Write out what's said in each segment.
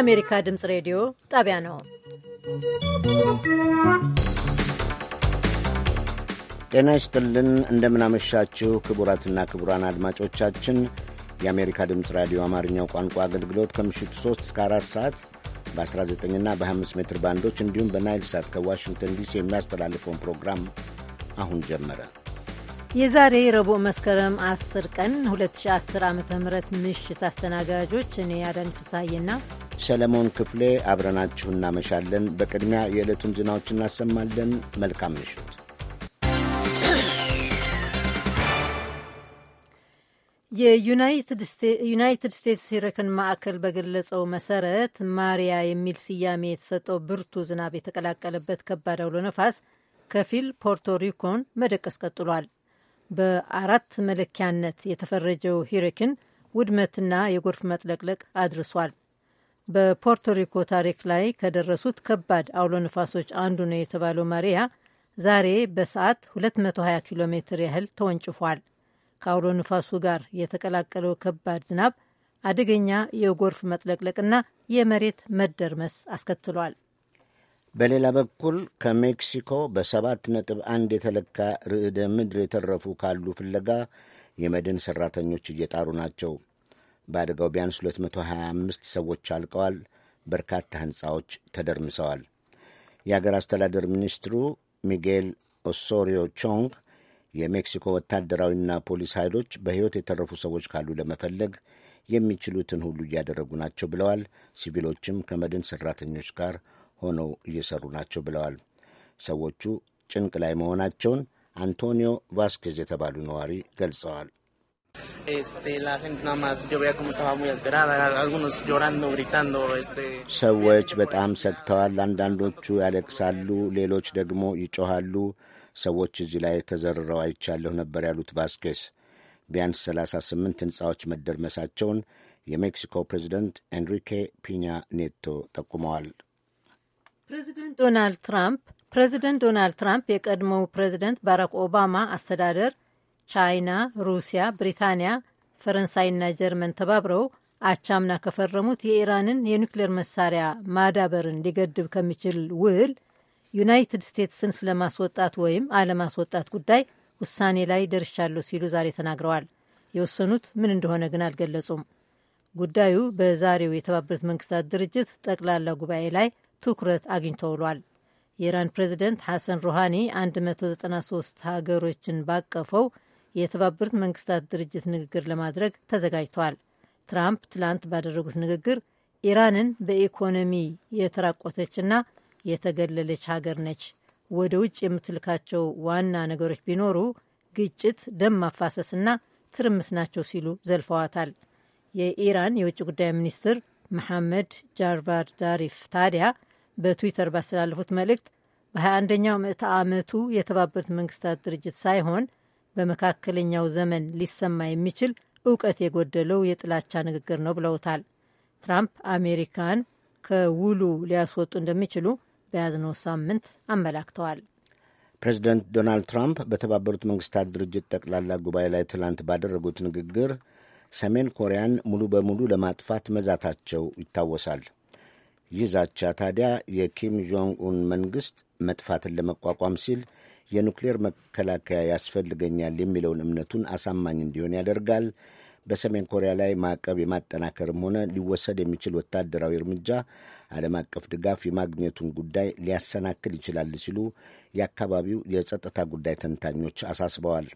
የአሜሪካ ድምፅ ሬዲዮ ጣቢያ ነው። ጤና ይስጥልን፣ እንደምናመሻችሁ ክቡራትና ክቡራን አድማጮቻችን የአሜሪካ ድምፅ ራዲዮ አማርኛው ቋንቋ አገልግሎት ከምሽቱ 3 እስከ 4 ሰዓት በ19ና በ25 ሜትር ባንዶች እንዲሁም በናይል ሳት ከዋሽንግተን ዲሲ የሚያስተላልፈውን ፕሮግራም አሁን ጀመረ። የዛሬ ረቡዕ መስከረም 10 ቀን 2010 ዓ ም ምሽት አስተናጋጆች እኔ አዳኝ ፍስሐዬና ሰለሞን ክፍሌ አብረናችሁ እናመሻለን። በቅድሚያ የዕለቱን ዜናዎች እናሰማለን። መልካም ምሽት። የዩናይትድ ስቴትስ ሂረክን ማዕከል በገለጸው መሰረት ማሪያ የሚል ስያሜ የተሰጠው ብርቱ ዝናብ የተቀላቀለበት ከባድ አውሎ ነፋስ ከፊል ፖርቶሪኮን መደቀስ ቀጥሏል። በአራት መለኪያነት የተፈረጀው ሂሪክን ውድመትና የጎርፍ መጥለቅለቅ አድርሷል። በፖርቶሪኮ ታሪክ ላይ ከደረሱት ከባድ አውሎ ነፋሶች አንዱ ነው የተባለው ማሪያ ዛሬ በሰዓት 220 ኪሎ ሜትር ያህል ተወንጭፏል። ከአውሎ ነፋሱ ጋር የተቀላቀለው ከባድ ዝናብ አደገኛ የጎርፍ መጥለቅለቅና የመሬት መደርመስ አስከትሏል። በሌላ በኩል ከሜክሲኮ በሰባት ነጥብ አንድ የተለካ ርዕደ ምድር የተረፉ ካሉ ፍለጋ የመድን ሠራተኞች እየጣሩ ናቸው። በአደጋው ቢያንስ 225 ሰዎች አልቀዋል። በርካታ ሕንፃዎች ተደርምሰዋል። የአገር አስተዳደር ሚኒስትሩ ሚጌል ኦሶሪዮ ቾንግ የሜክሲኮ ወታደራዊና ፖሊስ ኃይሎች በሕይወት የተረፉ ሰዎች ካሉ ለመፈለግ የሚችሉትን ሁሉ እያደረጉ ናቸው ብለዋል። ሲቪሎችም ከመድን ሠራተኞች ጋር ሆነው እየሰሩ ናቸው ብለዋል። ሰዎቹ ጭንቅ ላይ መሆናቸውን አንቶኒዮ ቫስኬዝ የተባሉ ነዋሪ ገልጸዋል። ሰዎች በጣም ሰግተዋል። አንዳንዶቹ ያለቅሳሉ፣ ሌሎች ደግሞ ይጮኋሉ። ሰዎች እዚህ ላይ ተዘርረው አይቻለሁ ነበር ያሉት ቫስኬስ ቢያንስ 38 ሕንፃዎች መደርመሳቸውን የሜክሲኮ ፕሬዚደንት ኤንሪኬ ፒኛ ኔቶ ጠቁመዋል። ፕሬዚደንት ዶናልድ ትራምፕ ፕሬዚደንት ዶናልድ ትራምፕ የቀድሞው ፕሬዚደንት ባራክ ኦባማ አስተዳደር ቻይና፣ ሩሲያ፣ ብሪታንያ፣ ፈረንሳይና ጀርመን ተባብረው አቻምና ከፈረሙት የኢራንን የኒውክሌር መሳሪያ ማዳበርን ሊገድብ ከሚችል ውል ዩናይትድ ስቴትስን ስለማስወጣት ወይም አለማስወጣት ጉዳይ ውሳኔ ላይ ደርሻለሁ ሲሉ ዛሬ ተናግረዋል። የወሰኑት ምን እንደሆነ ግን አልገለጹም። ጉዳዩ በዛሬው የተባበሩት መንግስታት ድርጅት ጠቅላላ ጉባኤ ላይ ትኩረት አግኝቶ ውሏል። የኢራን ፕሬዚደንት ሐሰን ሩሃኒ 193 ሀገሮችን ባቀፈው የተባበሩት መንግስታት ድርጅት ንግግር ለማድረግ ተዘጋጅተዋል። ትራምፕ ትላንት ባደረጉት ንግግር ኢራንን በኢኮኖሚ የተራቆተችና የተገለለች ሀገር ነች፣ ወደ ውጭ የምትልካቸው ዋና ነገሮች ቢኖሩ ግጭት፣ ደም ማፋሰስና ትርምስ ናቸው ሲሉ ዘልፈዋታል። የኢራን የውጭ ጉዳይ ሚኒስትር መሐመድ ጃርቫድ ዛሪፍ ታዲያ በትዊተር ባስተላለፉት መልእክት በ21ኛው ምዕተ ዓመቱ የተባበሩት መንግስታት ድርጅት ሳይሆን በመካከለኛው ዘመን ሊሰማ የሚችል እውቀት የጎደለው የጥላቻ ንግግር ነው ብለውታል። ትራምፕ አሜሪካን ከውሉ ሊያስወጡ እንደሚችሉ በያዝነው ሳምንት አመላክተዋል። ፕሬዚደንት ዶናልድ ትራምፕ በተባበሩት መንግስታት ድርጅት ጠቅላላ ጉባኤ ላይ ትላንት ባደረጉት ንግግር ሰሜን ኮሪያን ሙሉ በሙሉ ለማጥፋት መዛታቸው ይታወሳል። ይህ ዛቻ ታዲያ የኪም ጆንግ ኡን መንግሥት መጥፋትን ለመቋቋም ሲል የኑክሌር መከላከያ ያስፈልገኛል የሚለውን እምነቱን አሳማኝ እንዲሆን ያደርጋል። በሰሜን ኮሪያ ላይ ማዕቀብ የማጠናከርም ሆነ ሊወሰድ የሚችል ወታደራዊ እርምጃ ዓለም አቀፍ ድጋፍ የማግኘቱን ጉዳይ ሊያሰናክል ይችላል ሲሉ የአካባቢው የጸጥታ ጉዳይ ተንታኞች አሳስበዋል።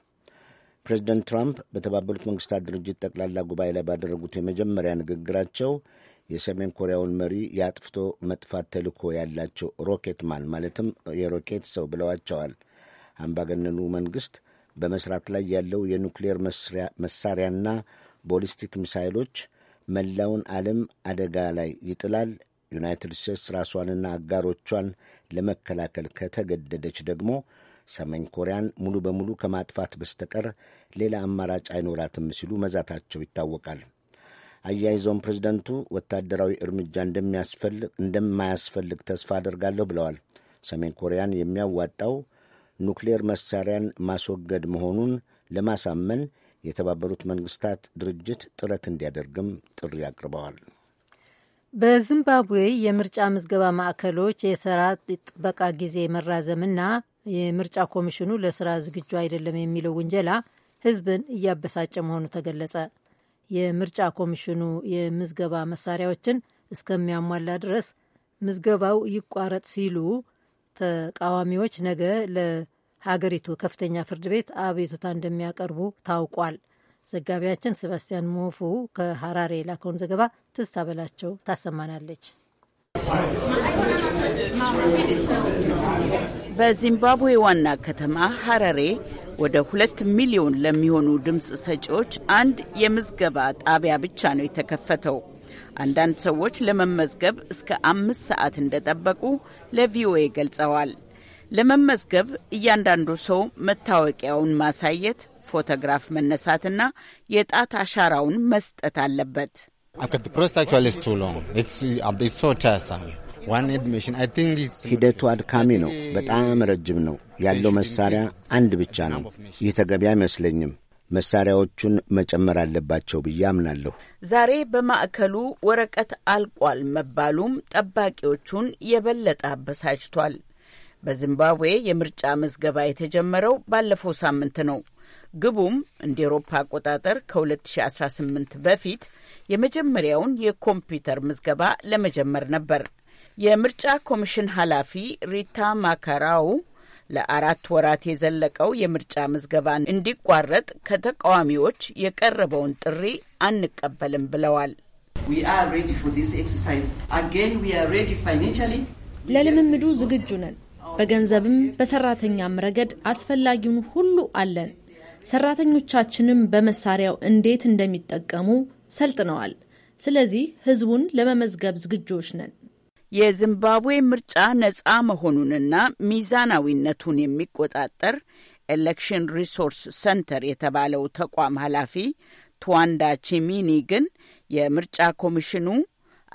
ፕሬዚደንት ትራምፕ በተባበሩት መንግስታት ድርጅት ጠቅላላ ጉባኤ ላይ ባደረጉት የመጀመሪያ ንግግራቸው የሰሜን ኮሪያውን መሪ የአጥፍቶ መጥፋት ተልእኮ ያላቸው ሮኬት ማን ማለትም የሮኬት ሰው ብለዋቸዋል። አምባገነኑ መንግሥት በመስራት ላይ ያለው የኑክሌር መሳሪያና ቦሊስቲክ ሚሳይሎች መላውን ዓለም አደጋ ላይ ይጥላል። ዩናይትድ ስቴትስ ራሷንና አጋሮቿን ለመከላከል ከተገደደች ደግሞ ሰሜን ኮሪያን ሙሉ በሙሉ ከማጥፋት በስተቀር ሌላ አማራጭ አይኖራትም ሲሉ መዛታቸው ይታወቃል። አያይዘውም ፕሬዚደንቱ ወታደራዊ እርምጃ እንደማያስፈልግ ተስፋ አደርጋለሁ ብለዋል። ሰሜን ኮሪያን የሚያዋጣው ኑክሌር መሳሪያን ማስወገድ መሆኑን ለማሳመን የተባበሩት መንግስታት ድርጅት ጥረት እንዲያደርግም ጥሪ አቅርበዋል። በዚምባብዌ የምርጫ ምዝገባ ማዕከሎች የስራ ጥበቃ ጊዜ መራዘምና የምርጫ ኮሚሽኑ ለስራ ዝግጁ አይደለም የሚለው ውንጀላ ህዝብን እያበሳጨ መሆኑ ተገለጸ። የምርጫ ኮሚሽኑ የምዝገባ መሳሪያዎችን እስከሚያሟላ ድረስ ምዝገባው ይቋረጥ ሲሉ ተቃዋሚዎች ነገ ለሀገሪቱ ከፍተኛ ፍርድ ቤት አቤቱታ እንደሚያቀርቡ ታውቋል። ዘጋቢያችን ሴባስቲያን ሞፉ ከሀራሬ የላከውን ዘገባ ትዝታ በላቸው ታሰማናለች። በዚምባብዌ ዋና ከተማ ሀራሬ ወደ ሁለት ሚሊዮን ለሚሆኑ ድምፅ ሰጪዎች አንድ የምዝገባ ጣቢያ ብቻ ነው የተከፈተው። አንዳንድ ሰዎች ለመመዝገብ እስከ አምስት ሰዓት እንደጠበቁ ለቪኦኤ ገልጸዋል። ለመመዝገብ እያንዳንዱ ሰው መታወቂያውን ማሳየት፣ ፎቶግራፍ መነሳትና የጣት አሻራውን መስጠት አለበት። ሂደቱ አድካሚ ነው። በጣም ረጅም ነው። ያለው መሳሪያ አንድ ብቻ ነው። ይህ ተገቢ አይመስለኝም። መሳሪያዎቹን መጨመር አለባቸው ብዬ አምናለሁ። ዛሬ በማዕከሉ ወረቀት አልቋል መባሉም ጠባቂዎቹን የበለጠ አበሳጭቷል። በዚምባብዌ የምርጫ ምዝገባ የተጀመረው ባለፈው ሳምንት ነው። ግቡም እንደ ኤሮፓ አቆጣጠር ከ2018 በፊት የመጀመሪያውን የኮምፒውተር ምዝገባ ለመጀመር ነበር። የምርጫ ኮሚሽን ኃላፊ ሪታ ማካራው ለአራት ወራት የዘለቀው የምርጫ ምዝገባን እንዲቋረጥ ከተቃዋሚዎች የቀረበውን ጥሪ አንቀበልም ብለዋል። ለልምምዱ ዝግጁ ነን። በገንዘብም በሰራተኛም ረገድ አስፈላጊውን ሁሉ አለን። ሰራተኞቻችንም በመሳሪያው እንዴት እንደሚጠቀሙ ሰልጥነዋል። ስለዚህ ህዝቡን ለመመዝገብ ዝግጆች ነን። የዚምባብዌ ምርጫ ነጻ መሆኑንና ሚዛናዊነቱን የሚቆጣጠር ኤሌክሽን ሪሶርስ ሰንተር የተባለው ተቋም ኃላፊ ትዋንዳ ቺሚኒ ግን የምርጫ ኮሚሽኑ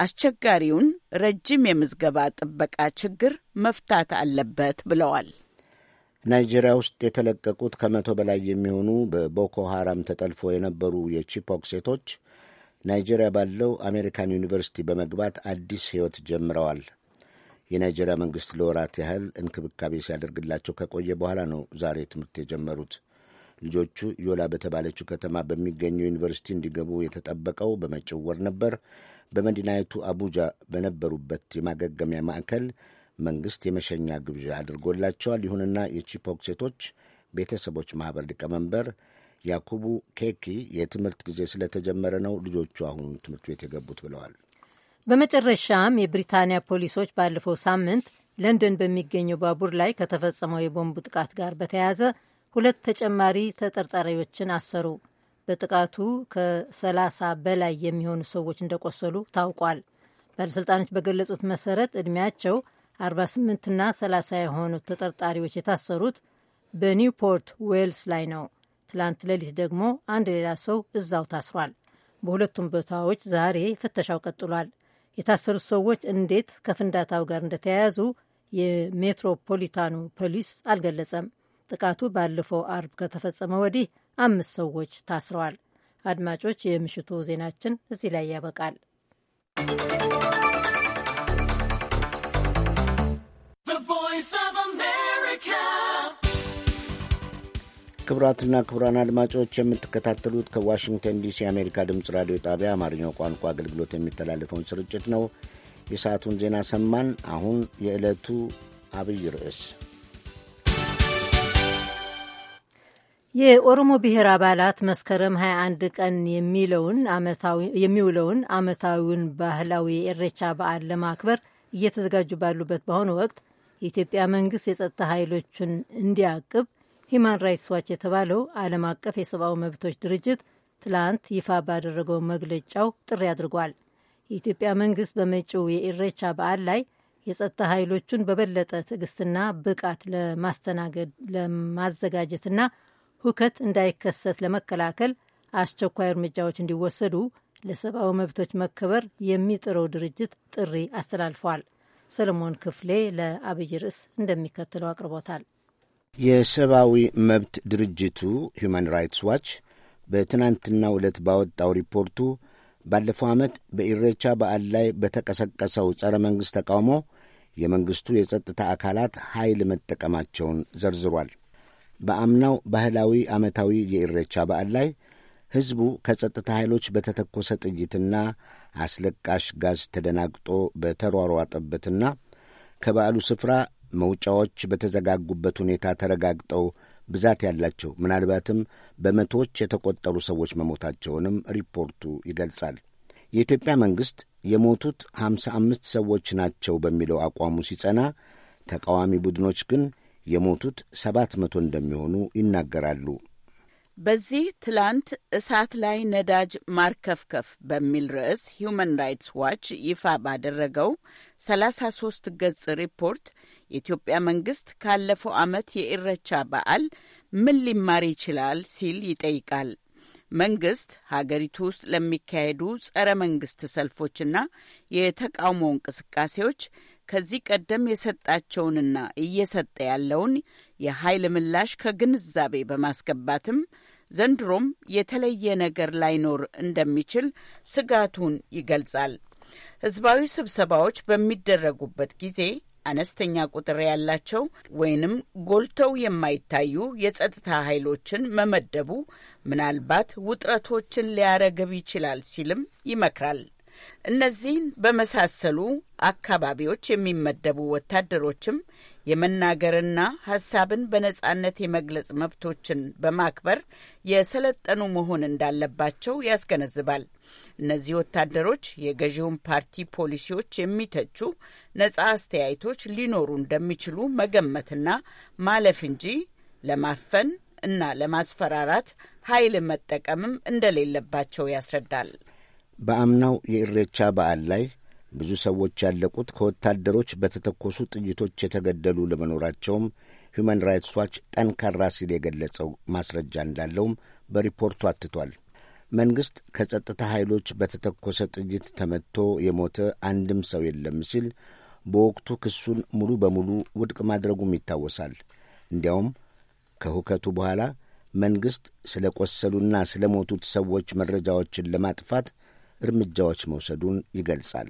አስቸጋሪውን ረጅም የምዝገባ ጥበቃ ችግር መፍታት አለበት ብለዋል። ናይጄሪያ ውስጥ የተለቀቁት ከመቶ በላይ የሚሆኑ በቦኮ ሐራም ተጠልፎ የነበሩ የቺፖክ ሴቶች ናይጄሪያ ባለው አሜሪካን ዩኒቨርሲቲ በመግባት አዲስ ሕይወት ጀምረዋል። የናይጄሪያ መንግሥት ለወራት ያህል እንክብካቤ ሲያደርግላቸው ከቆየ በኋላ ነው ዛሬ ትምህርት የጀመሩት። ልጆቹ ዮላ በተባለችው ከተማ በሚገኘው ዩኒቨርሲቲ እንዲገቡ የተጠበቀው በመጪው ወር ነበር። በመዲናይቱ አቡጃ በነበሩበት የማገገሚያ ማዕከል መንግሥት የመሸኛ ግብዣ አድርጎላቸዋል። ይሁንና የቺፖክ ሴቶች ቤተሰቦች ማኅበር ሊቀመንበር ያኩቡ ኬኪ የትምህርት ጊዜ ስለተጀመረ ነው ልጆቹ አሁኑ ትምህርት ቤት የገቡት ብለዋል። በመጨረሻም የብሪታንያ ፖሊሶች ባለፈው ሳምንት ለንደን በሚገኘው ባቡር ላይ ከተፈጸመው የቦምብ ጥቃት ጋር በተያያዘ ሁለት ተጨማሪ ተጠርጣሪዎችን አሰሩ። በጥቃቱ ከሰላሳ በላይ የሚሆኑ ሰዎች እንደቆሰሉ ታውቋል። ባለሥልጣኖች በገለጹት መሰረት ዕድሜያቸው 48ና 30 የሆኑት ተጠርጣሪዎች የታሰሩት በኒውፖርት ዌልስ ላይ ነው። ትላንት ሌሊት ደግሞ አንድ ሌላ ሰው እዛው ታስሯል። በሁለቱም ቦታዎች ዛሬ ፍተሻው ቀጥሏል። የታሰሩት ሰዎች እንዴት ከፍንዳታው ጋር እንደተያያዙ የሜትሮፖሊታኑ ፖሊስ አልገለጸም። ጥቃቱ ባለፈው አርብ ከተፈጸመ ወዲህ አምስት ሰዎች ታስረዋል። አድማጮች፣ የምሽቱ ዜናችን እዚህ ላይ ያበቃል። ክቡራትና ክቡራን አድማጮች የምትከታተሉት ከዋሽንግተን ዲሲ የአሜሪካ ድምፅ ራዲዮ ጣቢያ አማርኛው ቋንቋ አገልግሎት የሚተላለፈውን ስርጭት ነው። የሰዓቱን ዜና ሰማን። አሁን የዕለቱ አብይ ርዕስ የኦሮሞ ብሔር አባላት መስከረም 21 ቀን የሚውለውን ዓመታዊውን ባህላዊ የኤሬቻ በዓል ለማክበር እየተዘጋጁ ባሉበት በአሁኑ ወቅት የኢትዮጵያ መንግስት የጸጥታ ኃይሎችን እንዲያቅብ ሂማን ራይትስ ዋች የተባለው ዓለም አቀፍ የሰብአዊ መብቶች ድርጅት ትላንት ይፋ ባደረገው መግለጫው ጥሪ አድርጓል። የኢትዮጵያ መንግስት በመጪው የኢሬቻ በዓል ላይ የጸጥታ ኃይሎቹን በበለጠ ትዕግስትና ብቃት ለማስተናገድ ለማዘጋጀትና ሁከት እንዳይከሰት ለመከላከል አስቸኳይ እርምጃዎች እንዲወሰዱ ለሰብአዊ መብቶች መከበር የሚጥረው ድርጅት ጥሪ አስተላልፏል። ሰለሞን ክፍሌ ለአብይ ርዕስ እንደሚከተለው አቅርቦታል። የሰብአዊ መብት ድርጅቱ ሁማን ራይትስ ዋች በትናንትናው ዕለት ባወጣው ሪፖርቱ ባለፈው ዓመት በኢሬቻ በዓል ላይ በተቀሰቀሰው ጸረ መንግሥት ተቃውሞ የመንግሥቱ የጸጥታ አካላት ኃይል መጠቀማቸውን ዘርዝሯል። በአምናው ባህላዊ ዓመታዊ የኢሬቻ በዓል ላይ ሕዝቡ ከጸጥታ ኃይሎች በተተኮሰ ጥይትና አስለቃሽ ጋዝ ተደናግጦ በተሯሯጠበትና ከበዓሉ ስፍራ መውጫዎች በተዘጋጉበት ሁኔታ ተረጋግጠው ብዛት ያላቸው ምናልባትም በመቶዎች የተቆጠሩ ሰዎች መሞታቸውንም ሪፖርቱ ይገልጻል። የኢትዮጵያ መንግሥት የሞቱት 5 አምስት ሰዎች ናቸው በሚለው አቋሙ ሲጸና፣ ተቃዋሚ ቡድኖች ግን የሞቱት ሰባት መቶ እንደሚሆኑ ይናገራሉ። በዚህ ትላንት እሳት ላይ ነዳጅ ማርከፍከፍ በሚል ርዕስ ሁማን ራይትስ ዋች ይፋ ባደረገው 33 ገጽ ሪፖርት የኢትዮጵያ መንግስት ካለፈው ዓመት የኢረቻ በዓል ምን ሊማር ይችላል ሲል ይጠይቃል። መንግስት ሀገሪቱ ውስጥ ለሚካሄዱ ጸረ መንግስት ሰልፎችና የተቃውሞ እንቅስቃሴዎች ከዚህ ቀደም የሰጣቸውንና እየሰጠ ያለውን የኃይል ምላሽ ከግንዛቤ በማስገባትም ዘንድሮም የተለየ ነገር ላይኖር እንደሚችል ስጋቱን ይገልጻል። ህዝባዊ ስብሰባዎች በሚደረጉበት ጊዜ አነስተኛ ቁጥር ያላቸው ወይንም ጎልተው የማይታዩ የጸጥታ ኃይሎችን መመደቡ ምናልባት ውጥረቶችን ሊያረግብ ይችላል ሲልም ይመክራል። እነዚህን በመሳሰሉ አካባቢዎች የሚመደቡ ወታደሮችም የመናገርና ሀሳብን በነጻነት የመግለጽ መብቶችን በማክበር የሰለጠኑ መሆን እንዳለባቸው ያስገነዝባል። እነዚህ ወታደሮች የገዢውን ፓርቲ ፖሊሲዎች የሚተቹ ነጻ አስተያየቶች ሊኖሩ እንደሚችሉ መገመትና ማለፍ እንጂ ለማፈን እና ለማስፈራራት ኃይል መጠቀምም እንደሌለባቸው ያስረዳል። በአምናው የኢሬቻ በዓል ላይ ብዙ ሰዎች ያለቁት ከወታደሮች በተተኮሱ ጥይቶች የተገደሉ ለመኖራቸውም ሁማን ራይትስ ዋች ጠንካራ ሲል የገለጸው ማስረጃ እንዳለውም በሪፖርቱ አትቷል። መንግሥት ከጸጥታ ኃይሎች በተተኮሰ ጥይት ተመትቶ የሞተ አንድም ሰው የለም ሲል በወቅቱ ክሱን ሙሉ በሙሉ ውድቅ ማድረጉም ይታወሳል። እንዲያውም ከሁከቱ በኋላ መንግሥት ስለ ቈሰሉና ስለ ሞቱት ሰዎች መረጃዎችን ለማጥፋት እርምጃዎች መውሰዱን ይገልጻል።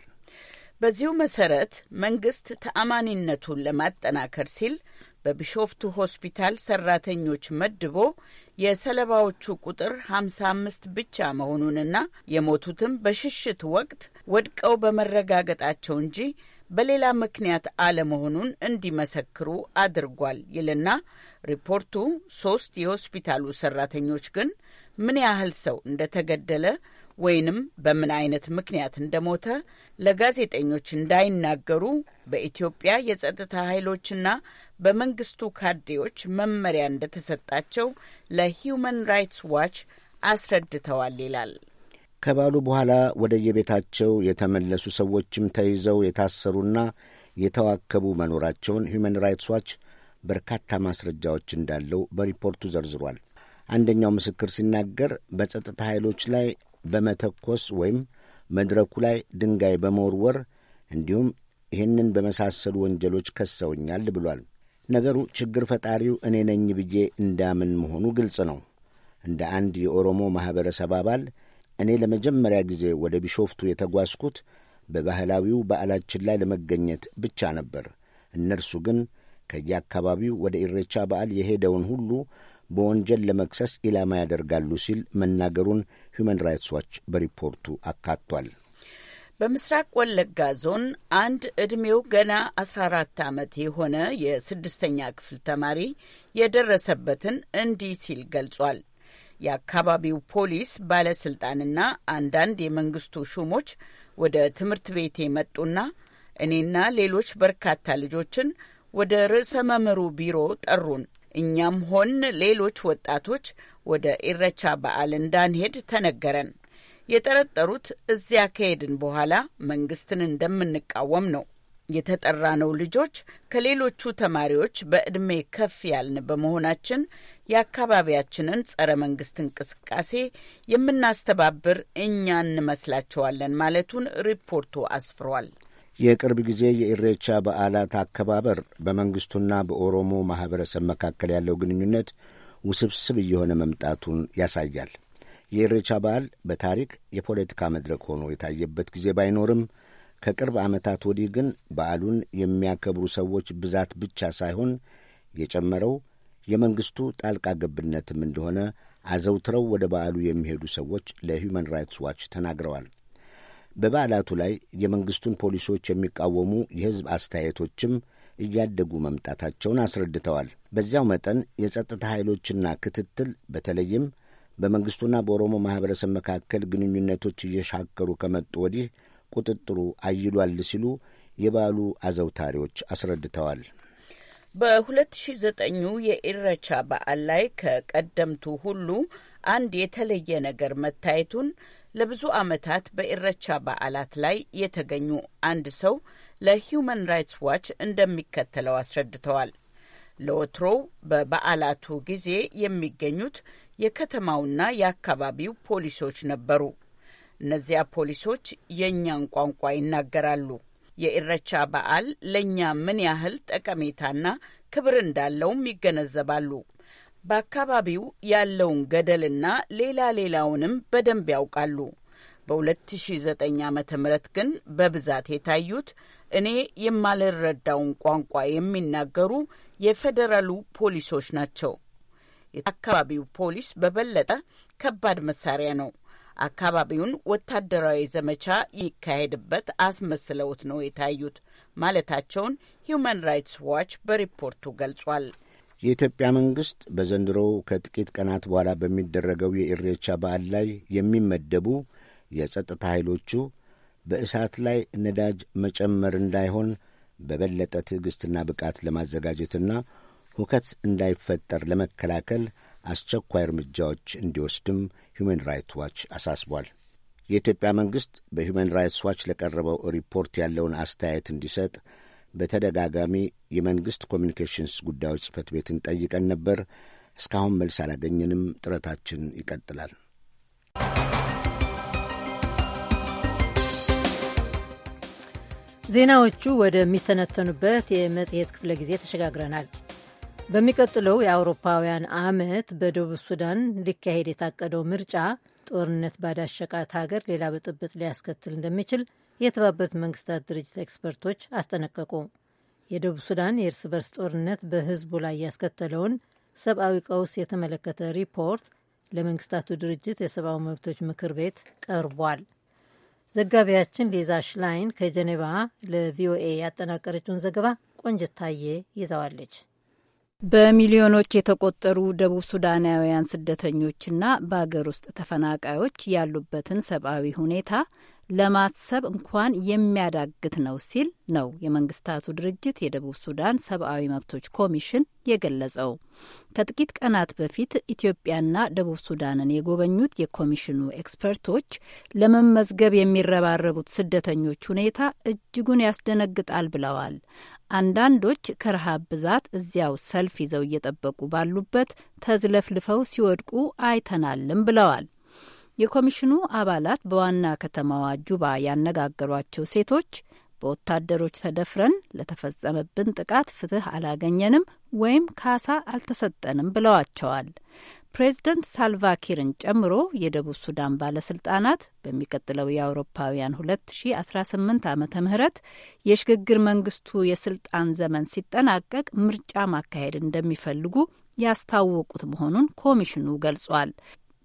በዚሁ መሰረት መንግስት ተአማኒነቱን ለማጠናከር ሲል በቢሾፍቱ ሆስፒታል ሰራተኞች መድቦ የሰለባዎቹ ቁጥር 55 ብቻ መሆኑንና የሞቱትም በሽሽት ወቅት ወድቀው በመረጋገጣቸው እንጂ በሌላ ምክንያት አለመሆኑን እንዲመሰክሩ አድርጓል ይልና ሪፖርቱ ሶስት የሆስፒታሉ ሰራተኞች ግን ምን ያህል ሰው እንደተገደለ ወይንም በምን አይነት ምክንያት እንደሞተ ለጋዜጠኞች እንዳይናገሩ በኢትዮጵያ የጸጥታ ኃይሎችና በመንግስቱ ካድሬዎች መመሪያ እንደተሰጣቸው ለሂዩማን ራይትስ ዋች አስረድተዋል ይላል። ከባሉ በኋላ ወደ የቤታቸው የተመለሱ ሰዎችም ተይዘው የታሰሩና የተዋከቡ መኖራቸውን ሂዩማን ራይትስ ዋች በርካታ ማስረጃዎች እንዳለው በሪፖርቱ ዘርዝሯል። አንደኛው ምስክር ሲናገር በጸጥታ ኃይሎች ላይ በመተኮስ ወይም መድረኩ ላይ ድንጋይ በመወርወር እንዲሁም ይህንን በመሳሰሉ ወንጀሎች ከሰውኛል ብሏል። ነገሩ ችግር ፈጣሪው እኔ ነኝ ብዬ እንዳምን መሆኑ ግልጽ ነው። እንደ አንድ የኦሮሞ ማኅበረሰብ አባል እኔ ለመጀመሪያ ጊዜ ወደ ቢሾፍቱ የተጓዝኩት በባህላዊው በዓላችን ላይ ለመገኘት ብቻ ነበር። እነርሱ ግን ከየአካባቢው ወደ ኢሬቻ በዓል የሄደውን ሁሉ በወንጀል ለመክሰስ ኢላማ ያደርጋሉ ሲል መናገሩን ሁመን ራይትስ ዋች በሪፖርቱ አካቷል። በምስራቅ ወለጋ ዞን አንድ ዕድሜው ገና 14 ዓመት የሆነ የስድስተኛ ክፍል ተማሪ የደረሰበትን እንዲህ ሲል ገልጿል። የአካባቢው ፖሊስ ባለስልጣንና አንዳንድ የመንግስቱ ሹሞች ወደ ትምህርት ቤቴ መጡና እኔና ሌሎች በርካታ ልጆችን ወደ ርዕሰ መምህሩ ቢሮ ጠሩን። እኛም ሆን ሌሎች ወጣቶች ወደ ኢረቻ በዓል እንዳንሄድ ተነገረን። የጠረጠሩት እዚያ ከሄድን በኋላ መንግስትን እንደምንቃወም ነው። የተጠራነው ልጆች ከሌሎቹ ተማሪዎች በዕድሜ ከፍ ያልን በመሆናችን የአካባቢያችንን ጸረ መንግስት እንቅስቃሴ የምናስተባብር እኛ እንመስላቸዋለን ማለቱን ሪፖርቱ አስፍሯል። የቅርብ ጊዜ የኢሬቻ በዓላት አከባበር በመንግሥቱና በኦሮሞ ማኅበረሰብ መካከል ያለው ግንኙነት ውስብስብ እየሆነ መምጣቱን ያሳያል። የኢሬቻ በዓል በታሪክ የፖለቲካ መድረክ ሆኖ የታየበት ጊዜ ባይኖርም ከቅርብ ዓመታት ወዲህ ግን በዓሉን የሚያከብሩ ሰዎች ብዛት ብቻ ሳይሆን የጨመረው የመንግሥቱ ጣልቃ ገብነትም እንደሆነ አዘውትረው ወደ በዓሉ የሚሄዱ ሰዎች ለሂውማን ራይትስ ዋች ተናግረዋል። በበዓላቱ ላይ የመንግሥቱን ፖሊሶች የሚቃወሙ የሕዝብ አስተያየቶችም እያደጉ መምጣታቸውን አስረድተዋል። በዚያው መጠን የጸጥታ ኃይሎችና ክትትል በተለይም በመንግሥቱና በኦሮሞ ማኅበረሰብ መካከል ግንኙነቶች እየሻከሩ ከመጡ ወዲህ ቁጥጥሩ አይሏል ሲሉ የበዓሉ አዘውታሪዎች አስረድተዋል። ሺ ዘጠኙ የኢረቻ በዓል ላይ ከቀደምቱ ሁሉ አንድ የተለየ ነገር መታየቱን ለብዙ ዓመታት በኢረቻ በዓላት ላይ የተገኙ አንድ ሰው ለሂዩማን ራይትስ ዋች እንደሚከተለው አስረድተዋል። ለወትሮው በበዓላቱ ጊዜ የሚገኙት የከተማውና የአካባቢው ፖሊሶች ነበሩ። እነዚያ ፖሊሶች የእኛን ቋንቋ ይናገራሉ። የኢረቻ በዓል ለእኛ ምን ያህል ጠቀሜታና ክብር እንዳለውም ይገነዘባሉ። በአካባቢው ያለውን ገደልና ሌላ ሌላውንም በደንብ ያውቃሉ። በ2009 ዓ ም ግን በብዛት የታዩት እኔ የማልረዳውን ቋንቋ የሚናገሩ የፌዴራሉ ፖሊሶች ናቸው። የአካባቢው ፖሊስ በበለጠ ከባድ መሳሪያ ነው። አካባቢውን ወታደራዊ ዘመቻ ይካሄድበት አስመስለውት ነው የታዩት ማለታቸውን ሂውማን ራይትስ ዋች በሪፖርቱ ገልጿል። የኢትዮጵያ መንግሥት በዘንድሮው ከጥቂት ቀናት በኋላ በሚደረገው የኢሬቻ በዓል ላይ የሚመደቡ የጸጥታ ኃይሎቹ በእሳት ላይ ነዳጅ መጨመር እንዳይሆን በበለጠ ትዕግሥትና ብቃት ለማዘጋጀትና ሁከት እንዳይፈጠር ለመከላከል አስቸኳይ እርምጃዎች እንዲወስድም ሁማን ራይትስ ዋች አሳስቧል። የኢትዮጵያ መንግሥት በሁማን ራይትስ ዋች ለቀረበው ሪፖርት ያለውን አስተያየት እንዲሰጥ በተደጋጋሚ የመንግሥት ኮሚኒኬሽንስ ጉዳዮች ጽህፈት ቤትን ጠይቀን ነበር። እስካሁን መልስ አላገኘንም። ጥረታችን ይቀጥላል። ዜናዎቹ ወደሚተነተኑበት የመጽሔት ክፍለ ጊዜ ተሸጋግረናል። በሚቀጥለው የአውሮፓውያን ዓመት በደቡብ ሱዳን ሊካሄድ የታቀደው ምርጫ ጦርነት ባዳሸቃት ሀገር ሌላ ብጥብጥ ሊያስከትል እንደሚችል የተባበሩት መንግስታት ድርጅት ኤክስፐርቶች አስጠነቀቁ። የደቡብ ሱዳን የእርስ በርስ ጦርነት በህዝቡ ላይ ያስከተለውን ሰብአዊ ቀውስ የተመለከተ ሪፖርት ለመንግስታቱ ድርጅት የሰብአዊ መብቶች ምክር ቤት ቀርቧል። ዘጋቢያችን ሊዛ ሽላይን ከጀኔቫ ለቪኦኤ ያጠናቀረችውን ዘገባ ቆንጅታዬ ይዘዋለች። በሚሊዮኖች የተቆጠሩ ደቡብ ሱዳናውያን ስደተኞችና በአገር ውስጥ ተፈናቃዮች ያሉበትን ሰብአዊ ሁኔታ ለማሰብ እንኳን የሚያዳግት ነው ሲል ነው የመንግስታቱ ድርጅት የደቡብ ሱዳን ሰብአዊ መብቶች ኮሚሽን የገለጸው። ከጥቂት ቀናት በፊት ኢትዮጵያና ደቡብ ሱዳንን የጎበኙት የኮሚሽኑ ኤክስፐርቶች ለመመዝገብ የሚረባረቡት ስደተኞች ሁኔታ እጅጉን ያስደነግጣል ብለዋል። አንዳንዶች ከረሃብ ብዛት እዚያው ሰልፍ ይዘው እየጠበቁ ባሉበት ተዝለፍልፈው ሲወድቁ አይተናልም ብለዋል። የኮሚሽኑ አባላት በዋና ከተማዋ ጁባ ያነጋገሯቸው ሴቶች በወታደሮች ተደፍረን ለተፈጸመብን ጥቃት ፍትህ አላገኘንም ወይም ካሳ አልተሰጠንም ብለዋቸዋል። ፕሬዝደንት ሳልቫኪርን ጨምሮ የደቡብ ሱዳን ባለስልጣናት በሚቀጥለው የአውሮፓውያን 2018 ዓመተ ምህረት የሽግግር መንግስቱ የስልጣን ዘመን ሲጠናቀቅ ምርጫ ማካሄድ እንደሚፈልጉ ያስታወቁት መሆኑን ኮሚሽኑ ገልጿል።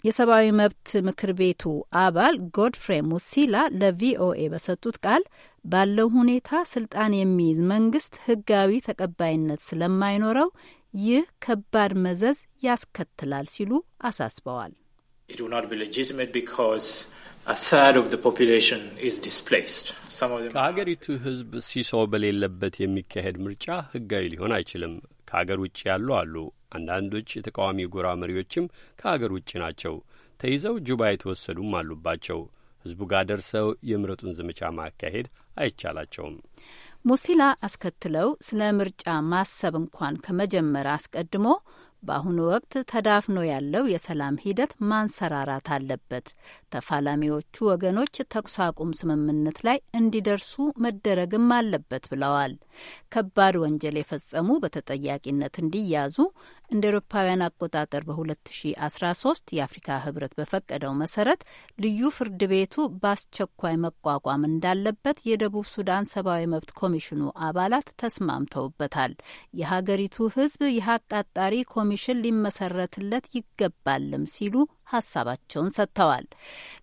የሰብአዊ መብት ምክር ቤቱ አባል ጎድፍሬ ሙሲላ ለቪኦኤ በሰጡት ቃል ባለው ሁኔታ ስልጣን የሚይዝ መንግስት ህጋዊ ተቀባይነት ስለማይኖረው ይህ ከባድ መዘዝ ያስከትላል ሲሉ አሳስበዋል። ከሀገሪቱ ህዝብ ሲሶ በሌለበት የሚካሄድ ምርጫ ህጋዊ ሊሆን አይችልም። ከሀገር ውጭ ያሉ አሉ አንዳንዶች የተቃዋሚ ጎራ መሪዎችም ከአገር ውጭ ናቸው። ተይዘው ጁባ የተወሰዱም አሉባቸው። ህዝቡ ጋር ደርሰው የምረጡን ዘመቻ ማካሄድ አይቻላቸውም። ሙሲላ አስከትለው ስለ ምርጫ ማሰብ እንኳን ከመጀመር አስቀድሞ በአሁኑ ወቅት ተዳፍኖ ያለው የሰላም ሂደት ማንሰራራት አለበት፣ ተፋላሚዎቹ ወገኖች ተኩስ አቁም ስምምነት ላይ እንዲደርሱ መደረግም አለበት ብለዋል። ከባድ ወንጀል የፈጸሙ በተጠያቂነት እንዲያዙ እንደ ኤሮፓውያን አቆጣጠር በ2013 የአፍሪካ ህብረት በፈቀደው መሰረት ልዩ ፍርድ ቤቱ በአስቸኳይ መቋቋም እንዳለበት የደቡብ ሱዳን ሰብአዊ መብት ኮሚሽኑ አባላት ተስማምተውበታል። የሀገሪቱ ህዝብ የሀቅ አጣሪ ኮሚሽን ሊመሰረትለት ይገባልም ሲሉ ሀሳባቸውን ሰጥተዋል።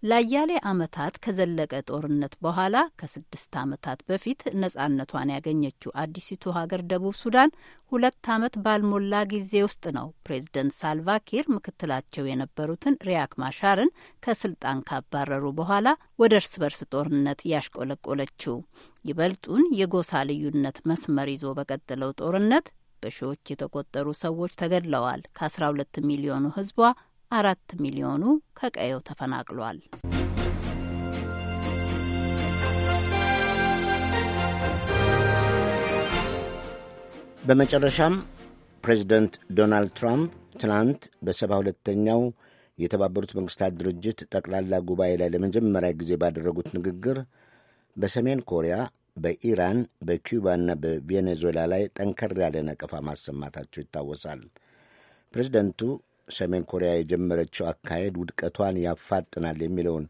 ለአያሌ ዓመታት ከዘለቀ ጦርነት በኋላ ከስድስት ዓመታት በፊት ነጻነቷን ያገኘችው አዲሲቱ ሀገር ደቡብ ሱዳን ሁለት ዓመት ባልሞላ ጊዜ ውስጥ ነው ፕሬዝደንት ሳልቫኪር ምክትላቸው የነበሩትን ሪያክ ማሻርን ከስልጣን ካባረሩ በኋላ ወደ እርስ በርስ ጦርነት ያሽቆለቆለችው። ይበልጡን የጎሳ ልዩነት መስመር ይዞ በቀጠለው ጦርነት በሺዎች የተቆጠሩ ሰዎች ተገድለዋል። ከ12 ሚሊዮኑ ህዝቧ አራት ሚሊዮኑ ከቀየው ተፈናቅሏል። በመጨረሻም ፕሬዚደንት ዶናልድ ትራምፕ ትናንት በሰባ ሁለተኛው የተባበሩት መንግስታት ድርጅት ጠቅላላ ጉባኤ ላይ ለመጀመሪያ ጊዜ ባደረጉት ንግግር በሰሜን ኮሪያ፣ በኢራን፣ በኪዩባና በቬኔዙዌላ ላይ ጠንከር ያለ ነቀፋ ማሰማታቸው ይታወሳል። ፕሬዚደንቱ ሰሜን ኮሪያ የጀመረችው አካሄድ ውድቀቷን ያፋጥናል የሚለውን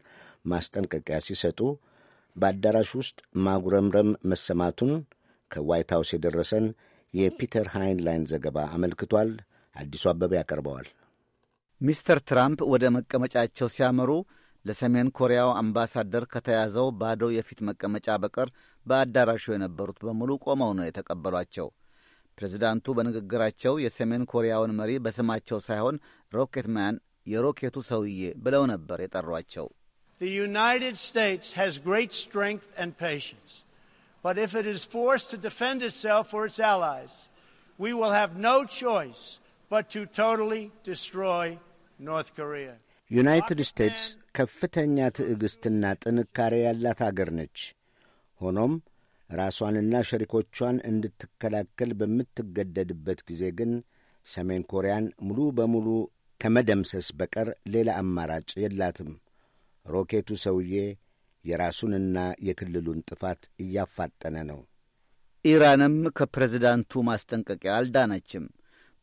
ማስጠንቀቂያ ሲሰጡ በአዳራሽ ውስጥ ማጉረምረም መሰማቱን ከዋይት ሀውስ የደረሰን የፒተር ሃይንላይን ዘገባ አመልክቷል። አዲሱ አበበ ያቀርበዋል። ሚስተር ትራምፕ ወደ መቀመጫቸው ሲያመሩ ለሰሜን ኮሪያው አምባሳደር ከተያዘው ባዶ የፊት መቀመጫ በቀር በአዳራሹ የነበሩት በሙሉ ቆመው ነው የተቀበሏቸው። ፕሬዚዳንቱ በንግግራቸው የሰሜን ኮሪያውን መሪ በስማቸው ሳይሆን ሮኬት ማን የሮኬቱ ሰውዬ ብለው ነበር የጠሯቸው። ዩናይትድ ስቴትስ ሃዝ ግሬት ስትሬንግዝ ኤንድ ፔሽንስ በት ኢፍ ኢት ኢዝ ፎርስድ ቱ ዲፌንድ ኢትሰልፍ ኦር ኢትስ አላይስ ዊ ዊል ሃቭ ኖ ቾይስ በት ቱ ቶታሊ ዲስትሮይ ኖርዝ ኮሪያ። ዩናይትድ ስቴትስ ከፍተኛ ትዕግሥትና ጥንካሬ ያላት አገር ነች። ሆኖም ራሷንና ሸሪኮቿን እንድትከላከል በምትገደድበት ጊዜ ግን ሰሜን ኮሪያን ሙሉ በሙሉ ከመደምሰስ በቀር ሌላ አማራጭ የላትም። ሮኬቱ ሰውዬ የራሱንና የክልሉን ጥፋት እያፋጠነ ነው። ኢራንም ከፕሬዝዳንቱ ማስጠንቀቂያ አልዳነችም።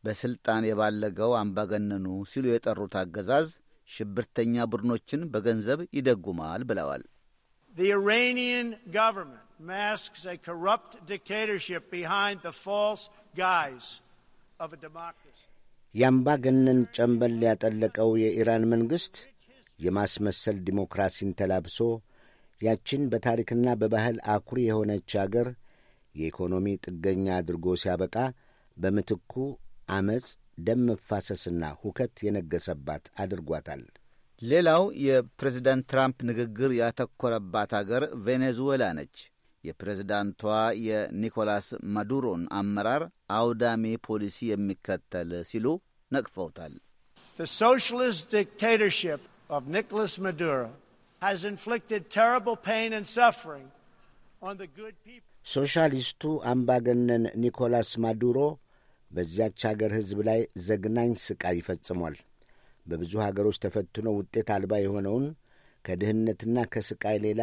በሥልጣን የባለገው አምባገነኑ ሲሉ የጠሩት አገዛዝ ሽብርተኛ ቡድኖችን በገንዘብ ይደጉማል ብለዋል። The Iranian government masks a corrupt dictatorship behind the false guise of a democracy. የአምባገነን ጨንበል ያጠለቀው የኢራን መንግሥት የማስመሰል ዲሞክራሲን ተላብሶ ያችን በታሪክና በባህል አኩሪ የሆነች አገር የኢኮኖሚ ጥገኛ አድርጎ ሲያበቃ በምትኩ ዐመፅ፣ ደም መፋሰስና ሁከት የነገሰባት አድርጓታል። ሌላው የፕሬዝዳንት ትራምፕ ንግግር ያተኮረባት አገር ቬኔዙዌላ ነች። የፕሬዝዳንቷ የኒኮላስ ማዱሮን አመራር አውዳሚ ፖሊሲ የሚከተል ሲሉ ነቅፈውታል። ሶሻሊስቱ አምባገነን ኒኮላስ ማዱሮ በዚያች አገር ሕዝብ ላይ ዘግናኝ ሥቃይ ይፈጽሟል። በብዙ ሀገሮች ተፈትኖ ውጤት አልባ የሆነውን ከድህነትና ከስቃይ ሌላ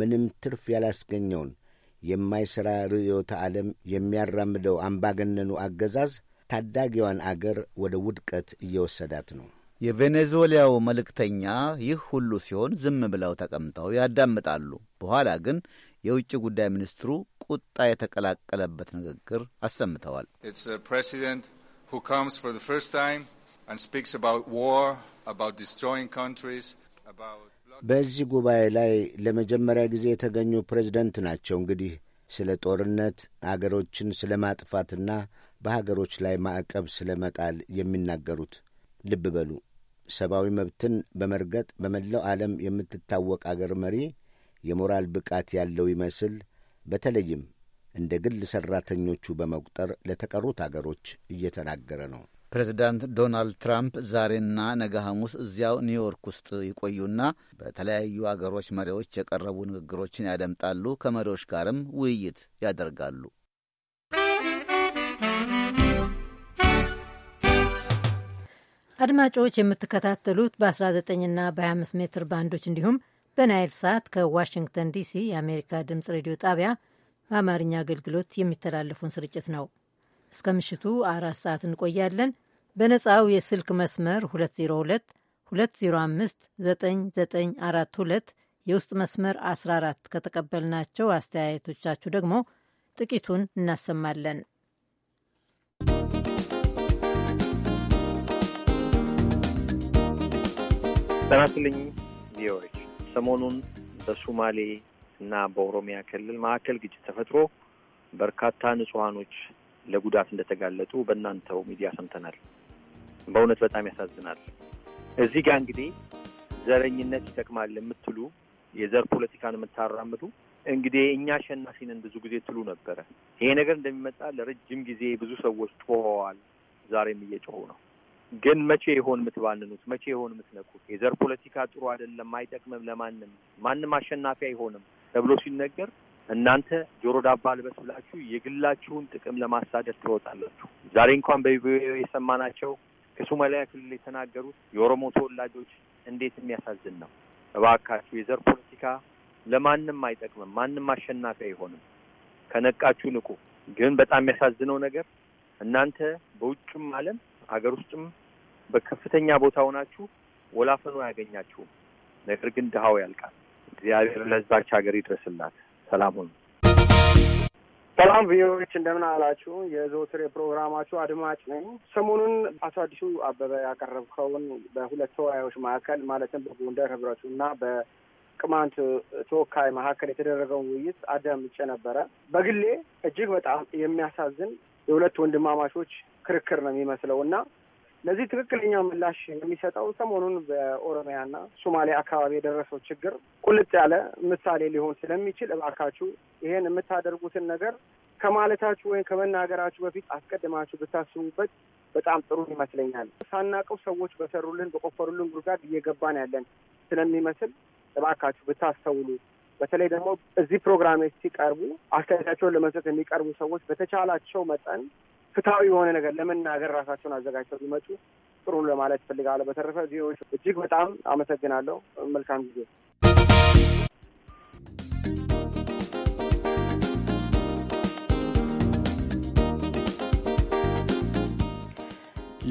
ምንም ትርፍ ያላስገኘውን የማይሠራ ርዕዮተ ዓለም የሚያራምደው አምባገነኑ አገዛዝ ታዳጊዋን አገር ወደ ውድቀት እየወሰዳት ነው። የቬኔዙዌላው መልእክተኛ ይህ ሁሉ ሲሆን ዝም ብለው ተቀምጠው ያዳምጣሉ። በኋላ ግን የውጭ ጉዳይ ሚኒስትሩ ቁጣ የተቀላቀለበት ንግግር አሰምተዋል። በዚህ ጉባኤ ላይ ለመጀመሪያ ጊዜ የተገኙ ፕሬዝደንት ናቸው። እንግዲህ ስለ ጦርነት፣ አገሮችን ስለ ማጥፋትና በሀገሮች ላይ ማዕቀብ ስለ መጣል የሚናገሩት። ልብ በሉ ሰብአዊ መብትን በመርገጥ በመላው ዓለም የምትታወቅ አገር መሪ የሞራል ብቃት ያለው ይመስል በተለይም እንደ ግል ሠራተኞቹ በመቁጠር ለተቀሩት አገሮች እየተናገረ ነው። ፕሬዚዳንት ዶናልድ ትራምፕ ዛሬና ነገ ሐሙስ እዚያው ኒውዮርክ ውስጥ ይቆዩና በተለያዩ አገሮች መሪዎች የቀረቡ ንግግሮችን ያደምጣሉ። ከመሪዎች ጋርም ውይይት ያደርጋሉ። አድማጮች የምትከታተሉት በ19ና በ25 ሜትር ባንዶች እንዲሁም በናይል ሳት ከዋሽንግተን ዲሲ የአሜሪካ ድምፅ ሬዲዮ ጣቢያ በአማርኛ አገልግሎት የሚተላለፉን ስርጭት ነው። እስከ ምሽቱ አራት ሰዓት እንቆያለን። በነፃው የስልክ መስመር 202 205 9942 የውስጥ መስመር 14 ከተቀበልናቸው አስተያየቶቻችሁ ደግሞ ጥቂቱን እናሰማለን። ጠናትልኝ ቪዎች ሰሞኑን በሱማሌ እና በኦሮሚያ ክልል ማዕከል ግጭት ተፈጥሮ በርካታ ንጹሐኖች ለጉዳት እንደተጋለጡ በእናንተው ሚዲያ ሰምተናል። በእውነት በጣም ያሳዝናል። እዚህ ጋር እንግዲህ ዘረኝነት ይጠቅማል የምትሉ የዘር ፖለቲካን የምታራምዱ እንግዲህ እኛ አሸናፊ ነን ብዙ ጊዜ ትሉ ነበረ። ይሄ ነገር እንደሚመጣ ለረጅም ጊዜ ብዙ ሰዎች ጮኸዋል። ዛሬም እየጮሁ ነው። ግን መቼ ይሆን የምትባንኑት? መቼ ይሆን የምትነቁት? የዘር ፖለቲካ ጥሩ አይደለም፣ አይጠቅምም፣ ለማንም ማንም አሸናፊ አይሆንም ተብሎ ሲነገር እናንተ ጆሮ ዳባ ልበስ ብላችሁ የግላችሁን ጥቅም ለማሳደድ ትወጣላችሁ። ዛሬ እንኳን በቪኦኤ የሰማናቸው ከሶማሊያ ክልል የተናገሩት የኦሮሞ ተወላጆች እንዴት የሚያሳዝን ነው። እባካችሁ የዘር ፖለቲካ ለማንም አይጠቅምም። ማንም አሸናፊ አይሆንም። ከነቃችሁ ንቁ። ግን በጣም የሚያሳዝነው ነገር እናንተ በውጭም ዓለም ሀገር ውስጥም በከፍተኛ ቦታ ሆናችሁ ወላፈኑ አያገኛችሁም። ነገር ግን ድሀው ያልቃል። እግዚአብሔር ለህዝባች ሀገር ይድረስላት። ሰላሙን ሰላም ቪኦኤዎች እንደምን አላችሁ? የዘወትር የፕሮግራማችሁ አድማጭ ነኝ። ሰሞኑን አቶ አዲሱ አበበ ያቀረብከውን በሁለት ተወያዮች መካከል ማለትም በጎንደር ህብረቱ እና በቅማንት ተወካይ መካከል የተደረገውን ውይይት አዳምጬ ነበረ። በግሌ እጅግ በጣም የሚያሳዝን የሁለት ወንድማማቾች ክርክር ነው የሚመስለው እና ለዚህ ትክክለኛው ምላሽ የሚሰጠው ሰሞኑን በኦሮሚያና ሶማሊያ አካባቢ የደረሰው ችግር ቁልጥ ያለ ምሳሌ ሊሆን ስለሚችል እባካችሁ ይሄን የምታደርጉትን ነገር ከማለታችሁ ወይም ከመናገራችሁ በፊት አስቀድማችሁ ብታስቡበት በጣም ጥሩ ይመስለኛል። ሳናቀው ሰዎች በሰሩልን በቆፈሩልን ጉድጓድ እየገባን ያለን ስለሚመስል እባካችሁ ብታስተውሉ። በተለይ ደግሞ እዚህ ፕሮግራም ሲቀርቡ አስተያየታቸውን ለመስጠት የሚቀርቡ ሰዎች በተቻላቸው መጠን ፍትሐዊ የሆነ ነገር ለመናገር ራሳቸውን አዘጋጅተው ቢመጡ ጥሩ ለማለት ይፈልጋለሁ። በተረፈ ዜዎች እጅግ በጣም አመሰግናለሁ። መልካም ጊዜ።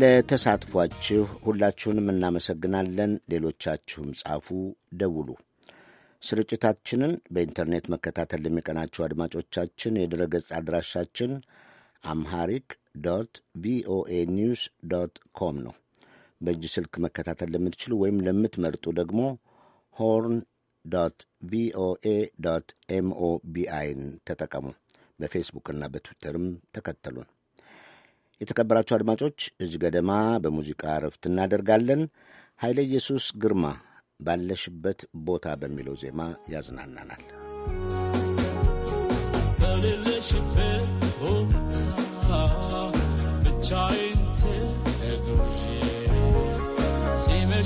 ለተሳትፏችሁ ሁላችሁንም እናመሰግናለን። ሌሎቻችሁም ጻፉ፣ ደውሉ። ስርጭታችንን በኢንተርኔት መከታተል ለሚቀናችሁ አድማጮቻችን የድረገጽ አድራሻችን አምሃሪክ ዶት ቪኦኤ ኒውስ ዶት ኮም ነው። በእጅ ስልክ መከታተል ለምትችሉ ወይም ለምትመርጡ ደግሞ ሆርን ዶት ቪኦኤ ዶት ኤምኦቢአይን ተጠቀሙ። በፌስቡክና በትዊተርም ተከተሉን። የተከበራችሁ አድማጮች እዚህ ገደማ በሙዚቃ እረፍት እናደርጋለን። ኃይለ ኢየሱስ ግርማ ባለሽበት ቦታ በሚለው ዜማ ያዝናናናል።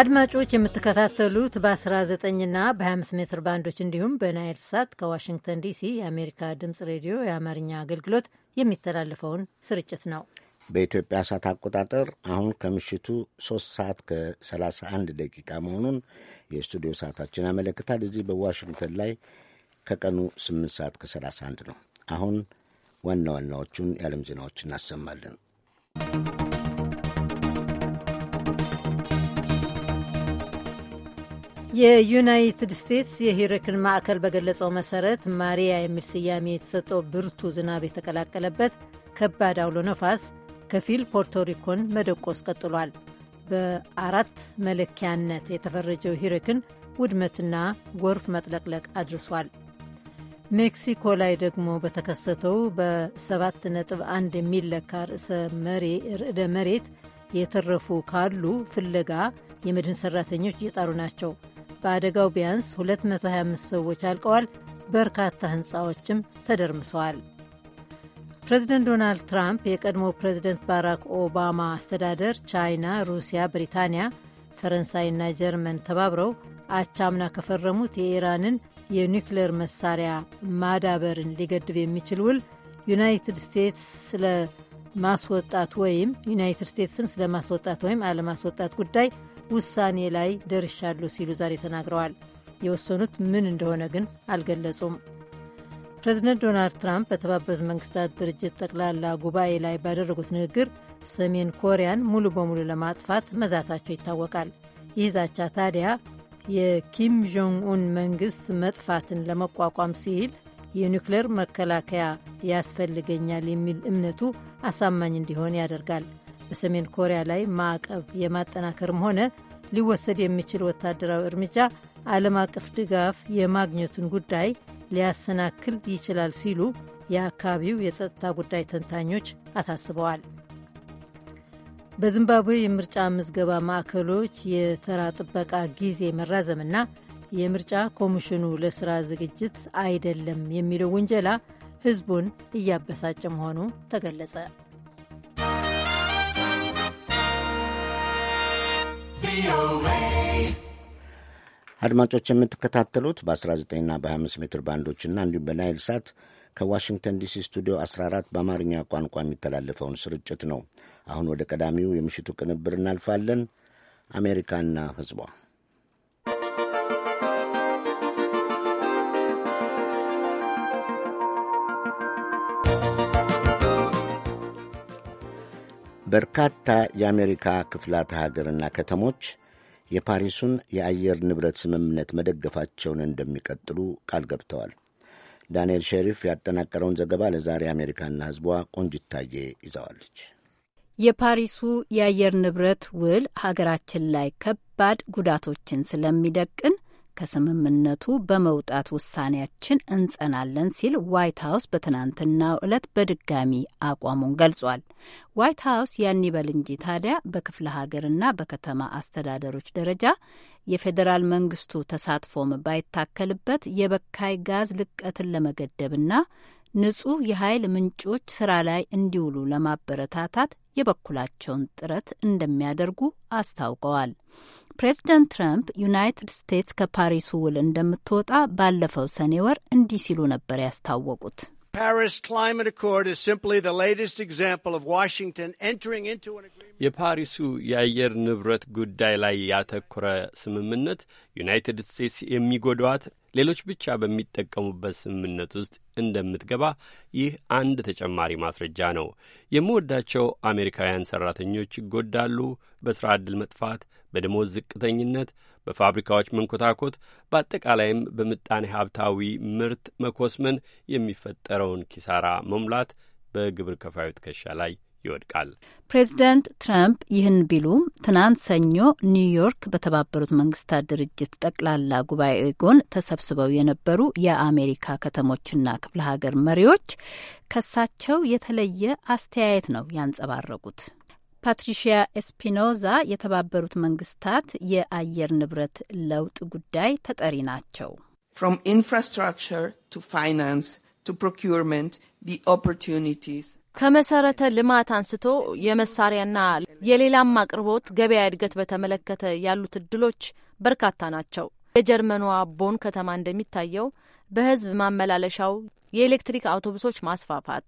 አድማጮች የምትከታተሉት በ19ና በ25 ሜትር ባንዶች እንዲሁም በናይል ሳት ከዋሽንግተን ዲሲ የአሜሪካ ድምፅ ሬዲዮ የአማርኛ አገልግሎት የሚተላለፈውን ስርጭት ነው። በኢትዮጵያ ሰዓት አቆጣጠር አሁን ከምሽቱ 3 ሰዓት ከ31 ደቂቃ መሆኑን የስቱዲዮ ሰዓታችን ያመለክታል። እዚህ በዋሽንግተን ላይ ከቀኑ 8 ሰዓት ከ31 ነው። አሁን ዋና ዋናዎቹን የዓለም ዜናዎች እናሰማለን። የዩናይትድ ስቴትስ የሂሪክን ማዕከል በገለጸው መሰረት ማሪያ የሚል ስያሜ የተሰጠው ብርቱ ዝናብ የተቀላቀለበት ከባድ አውሎ ነፋስ ከፊል ፖርቶሪኮን መደቆስ ቀጥሏል። በአራት መለኪያነት የተፈረጀው ሂሪክን ውድመትና ጎርፍ መጥለቅለቅ አድርሷል። ሜክሲኮ ላይ ደግሞ በተከሰተው በሰባት ነጥብ አንድ የሚለካ ርዕደ መሬት የተረፉ ካሉ ፍለጋ የመድን ሰራተኞች እየጣሩ ናቸው። በአደጋው ቢያንስ 225 ሰዎች አልቀዋል፣ በርካታ ሕንፃዎችም ተደርምሰዋል። ፕሬዚደንት ዶናልድ ትራምፕ የቀድሞ ፕሬዚደንት ባራክ ኦባማ አስተዳደር ቻይና፣ ሩሲያ፣ ብሪታንያ፣ ፈረንሳይና ጀርመን ተባብረው አቻምና ከፈረሙት የኢራንን የኒውክሌር መሳሪያ ማዳበርን ሊገድብ የሚችል ውል ዩናይትድ ስቴትስ ስለ ማስወጣት ወይም ዩናይትድ ስቴትስን ስለማስወጣት ወይም አለማስወጣት ጉዳይ ውሳኔ ላይ ደርሻለሁ ሲሉ ዛሬ ተናግረዋል። የወሰኑት ምን እንደሆነ ግን አልገለጹም። ፕሬዚደንት ዶናልድ ትራምፕ በተባበሩት መንግስታት ድርጅት ጠቅላላ ጉባኤ ላይ ባደረጉት ንግግር ሰሜን ኮሪያን ሙሉ በሙሉ ለማጥፋት መዛታቸው ይታወቃል። ይህ ዛቻ ታዲያ የኪም ጆንግ ኡን መንግስት መጥፋትን ለመቋቋም ሲል የኒውክሌር መከላከያ ያስፈልገኛል የሚል እምነቱ አሳማኝ እንዲሆን ያደርጋል። በሰሜን ኮሪያ ላይ ማዕቀብ የማጠናከርም ሆነ ሊወሰድ የሚችል ወታደራዊ እርምጃ ዓለም አቀፍ ድጋፍ የማግኘቱን ጉዳይ ሊያሰናክል ይችላል ሲሉ የአካባቢው የጸጥታ ጉዳይ ተንታኞች አሳስበዋል። በዚምባብዌ የምርጫ ምዝገባ ማዕከሎች የተራ ጥበቃ ጊዜ መራዘምና የምርጫ ኮሚሽኑ ለስራ ዝግጅት አይደለም የሚለው ውንጀላ ህዝቡን እያበሳጨ መሆኑ ተገለጸ። አድማጮች የምትከታተሉት በ19ና በ25 ሜትር ባንዶችና እንዲሁም በናይል ሳት ከዋሽንግተን ዲሲ ስቱዲዮ 14 በአማርኛ ቋንቋ የሚተላለፈውን ስርጭት ነው። አሁን ወደ ቀዳሚው የምሽቱ ቅንብር እናልፋለን። አሜሪካና ሕዝቧ በርካታ የአሜሪካ ክፍላተ ሀገርና ከተሞች የፓሪሱን የአየር ንብረት ስምምነት መደገፋቸውን እንደሚቀጥሉ ቃል ገብተዋል። ዳንኤል ሼሪፍ ያጠናቀረውን ዘገባ ለዛሬ አሜሪካና ሕዝቧ ቆንጅታዬ ይዘዋለች። የፓሪሱ የአየር ንብረት ውል ሀገራችን ላይ ከባድ ጉዳቶችን ስለሚደቅን ከስምምነቱ በመውጣት ውሳኔያችን እንጸናለን ሲል ዋይት ሀውስ በትናንትናው ዕለት በድጋሚ አቋሙን ገልጿል። ዋይት ሀውስ ያን ይበል እንጂ ታዲያ በክፍለ ሀገርና በከተማ አስተዳደሮች ደረጃ የፌዴራል መንግስቱ ተሳትፎም ባይታከልበት የበካይ ጋዝ ልቀትን ለመገደብና ንጹህ የኃይል ምንጮች ስራ ላይ እንዲውሉ ለማበረታታት የበኩላቸውን ጥረት እንደሚያደርጉ አስታውቀዋል። ፕሬዚደንት ትራምፕ ዩናይትድ ስቴትስ ከፓሪሱ ውል እንደምትወጣ ባለፈው ሰኔ ወር እንዲህ ሲሉ ነበር ያስታወቁት። የፓሪሱ የአየር ንብረት ጉዳይ ላይ ያተኮረ ስምምነት ዩናይትድ ስቴትስ የሚጎዷት ሌሎች ብቻ በሚጠቀሙበት ስምምነት ውስጥ እንደምትገባ ይህ አንድ ተጨማሪ ማስረጃ ነው። የምወዳቸው አሜሪካውያን ሰራተኞች ይጎዳሉ። በስራ ዕድል መጥፋት፣ በደሞዝ ዝቅተኝነት፣ በፋብሪካዎች መንኮታኮት፣ በአጠቃላይም በምጣኔ ሀብታዊ ምርት መኮስመን የሚፈጠረውን ኪሳራ መሙላት በግብር ከፋዩ ትከሻ ላይ ይወድቃል። ፕሬዚደንት ትራምፕ ይህን ቢሉም ትናንት ሰኞ ኒውዮርክ በተባበሩት መንግስታት ድርጅት ጠቅላላ ጉባኤ ጎን ተሰብስበው የነበሩ የአሜሪካ ከተሞችና ክፍለ ሀገር መሪዎች ከሳቸው የተለየ አስተያየት ነው ያንጸባረቁት። ፓትሪሺያ ኤስፒኖዛ የተባበሩት መንግስታት የአየር ንብረት ለውጥ ጉዳይ ተጠሪ ናቸው። ፍሮም ኢንፍራስትራክቸር ቱ ፋይናንስ ቱ ፕሮኪውርመንት ዲ ከመሰረተ ልማት አንስቶ የመሳሪያና የሌላም አቅርቦት ገበያ እድገት በተመለከተ ያሉት እድሎች በርካታ ናቸው። የጀርመኗ ቦን ከተማ እንደሚታየው በህዝብ ማመላለሻው የኤሌክትሪክ አውቶቡሶች ማስፋፋት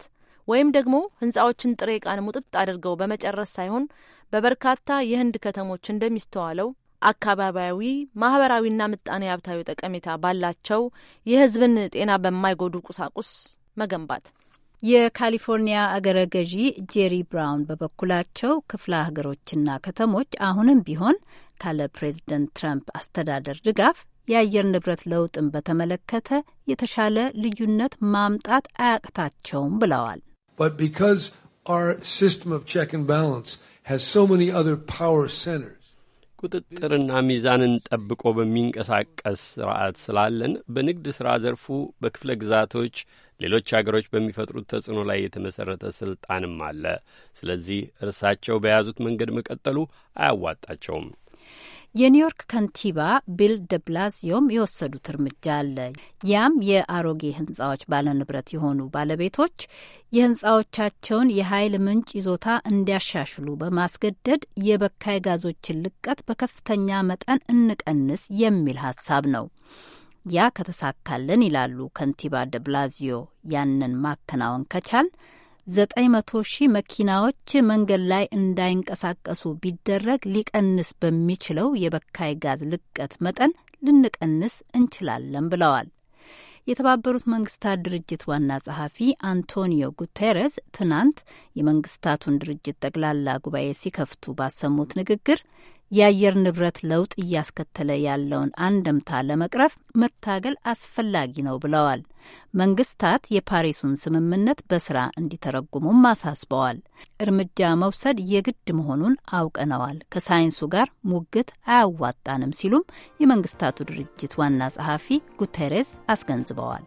ወይም ደግሞ ህንጻዎችን ጥሬ ዕቃን ሙጥጥ አድርገው በመጨረስ ሳይሆን በበርካታ የህንድ ከተሞች እንደሚስተዋለው አካባቢያዊ ማህበራዊና ምጣኔ ሀብታዊ ጠቀሜታ ባላቸው የህዝብን ጤና በማይጎዱ ቁሳቁስ መገንባት የካሊፎርኒያ አገረ ገዢ ጄሪ ብራውን በበኩላቸው ክፍለ ሀገሮችና ከተሞች አሁንም ቢሆን ካለ ፕሬዝደንት ትራምፕ አስተዳደር ድጋፍ የአየር ንብረት ለውጥን በተመለከተ የተሻለ ልዩነት ማምጣት አያቅታቸውም ብለዋል። ቁጥጥርና ሚዛንን ጠብቆ በሚንቀሳቀስ ስርዓት ስላለን በንግድ ሥራ ዘርፉ በክፍለ ግዛቶች ሌሎች አገሮች በሚፈጥሩት ተጽዕኖ ላይ የተመሠረተ ስልጣንም አለ። ስለዚህ እርሳቸው በያዙት መንገድ መቀጠሉ አያዋጣቸውም። የኒውዮርክ ከንቲባ ቢል ደብላዚዮም የወሰዱት እርምጃ አለ። ያም የአሮጌ ህንጻዎች ባለንብረት የሆኑ ባለቤቶች የህንጻዎቻቸውን የኃይል ምንጭ ይዞታ እንዲያሻሽሉ በማስገደድ የበካይ ጋዞችን ልቀት በከፍተኛ መጠን እንቀንስ የሚል ሀሳብ ነው። ያ ከተሳካልን ይላሉ ከንቲባ ደብላዚዮ፣ ያንን ማከናወን ከቻል ዘጠኝ መቶ ሺህ መኪናዎች መንገድ ላይ እንዳይንቀሳቀሱ ቢደረግ ሊቀንስ በሚችለው የበካይ ጋዝ ልቀት መጠን ልንቀንስ እንችላለን ብለዋል። የተባበሩት መንግስታት ድርጅት ዋና ጸሐፊ አንቶኒዮ ጉቴሬስ ትናንት የመንግስታቱን ድርጅት ጠቅላላ ጉባኤ ሲከፍቱ ባሰሙት ንግግር የአየር ንብረት ለውጥ እያስከተለ ያለውን አንድምታ ለመቅረፍ መታገል አስፈላጊ ነው ብለዋል። መንግስታት የፓሪሱን ስምምነት በስራ እንዲተረጉሙም አሳስበዋል። እርምጃ መውሰድ የግድ መሆኑን አውቀነዋል፣ ከሳይንሱ ጋር ሙግት አያዋጣንም ሲሉም የመንግስታቱ ድርጅት ዋና ጸሐፊ ጉተሬስ አስገንዝበዋል።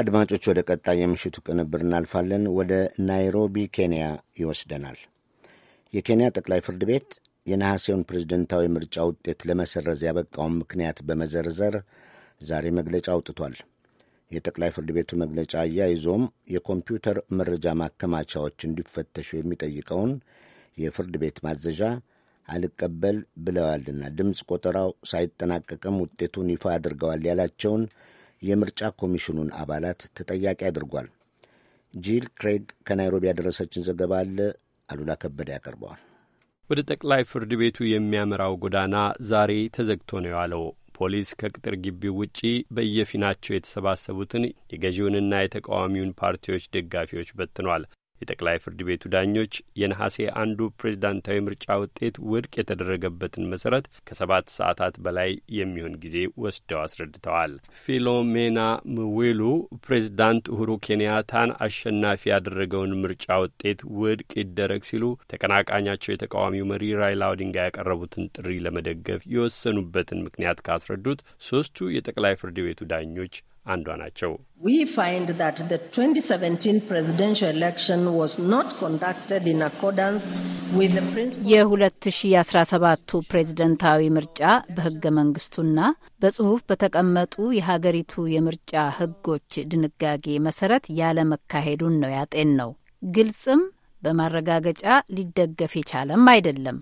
አድማጮች፣ ወደ ቀጣይ የምሽቱ ቅንብር እናልፋለን። ወደ ናይሮቢ ኬንያ ይወስደናል። የኬንያ ጠቅላይ ፍርድ ቤት የነሐሴውን ፕሬዝደንታዊ ምርጫ ውጤት ለመሰረዝ ያበቃውን ምክንያት በመዘርዘር ዛሬ መግለጫ አውጥቷል። የጠቅላይ ፍርድ ቤቱ መግለጫ አያይዞም የኮምፒውተር መረጃ ማከማቻዎች እንዲፈተሹ የሚጠይቀውን የፍርድ ቤት ማዘዣ አልቀበል ብለዋልና ድምፅ ቆጠራው ሳይጠናቀቅም ውጤቱን ይፋ አድርገዋል ያላቸውን የምርጫ ኮሚሽኑን አባላት ተጠያቂ አድርጓል። ጂል ክሬግ ከናይሮቢ ያደረሰችን ዘገባ አለ አሉላ ከበደ ያቀርበዋል። ወደ ጠቅላይ ፍርድ ቤቱ የሚያመራው ጎዳና ዛሬ ተዘግቶ ነው የዋለው። ፖሊስ ከቅጥር ግቢው ውጪ በየፊናቸው የተሰባሰቡትን የገዢውንና የተቃዋሚውን ፓርቲዎች ደጋፊዎች በትኗል። የጠቅላይ ፍርድ ቤቱ ዳኞች የነሐሴ አንዱ ፕሬዝዳንታዊ ምርጫ ውጤት ውድቅ የተደረገበትን መሠረት ከሰባት ሰዓታት በላይ የሚሆን ጊዜ ወስደው አስረድተዋል። ፊሎሜና ምዌሉ ፕሬዝዳንት ኡሁሩ ኬንያታን አሸናፊ ያደረገውን ምርጫ ውጤት ውድቅ ይደረግ ሲሉ ተቀናቃኛቸው የተቃዋሚው መሪ ራይላ ኦዲንጋ ያቀረቡትን ጥሪ ለመደገፍ የወሰኑበትን ምክንያት ካስረዱት ሶስቱ የጠቅላይ ፍርድ ቤቱ ዳኞች አንዷ ናቸው። የ2017ቱ ፕሬዝደንታዊ ምርጫ በህገ መንግስቱና በጽሁፍ በተቀመጡ የሀገሪቱ የምርጫ ህጎች ድንጋጌ መሰረት ያለመካሄዱን ነው ያጤን ነው። ግልጽም በማረጋገጫ ሊደገፍ የቻለም አይደለም።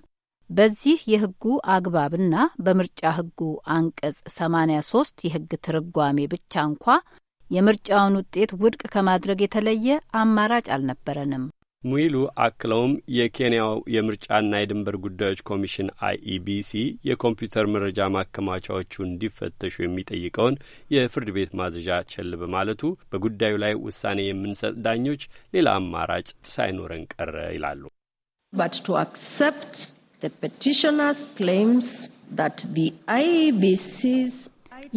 በዚህ የህጉ አግባብና በምርጫ ህጉ አንቀጽ 83 የህግ ትርጓሜ ብቻ እንኳ የምርጫውን ውጤት ውድቅ ከማድረግ የተለየ አማራጭ አልነበረንም። ሙይሉ አክለውም የኬንያው የምርጫና የድንበር ጉዳዮች ኮሚሽን አይኢቢሲ የኮምፒውተር መረጃ ማከማቻዎቹ እንዲፈተሹ የሚጠይቀውን የፍርድ ቤት ማዘዣ ቸል በማለቱ በጉዳዩ ላይ ውሳኔ የምንሰጥ ዳኞች ሌላ አማራጭ ሳይኖረን ቀረ ይላሉ።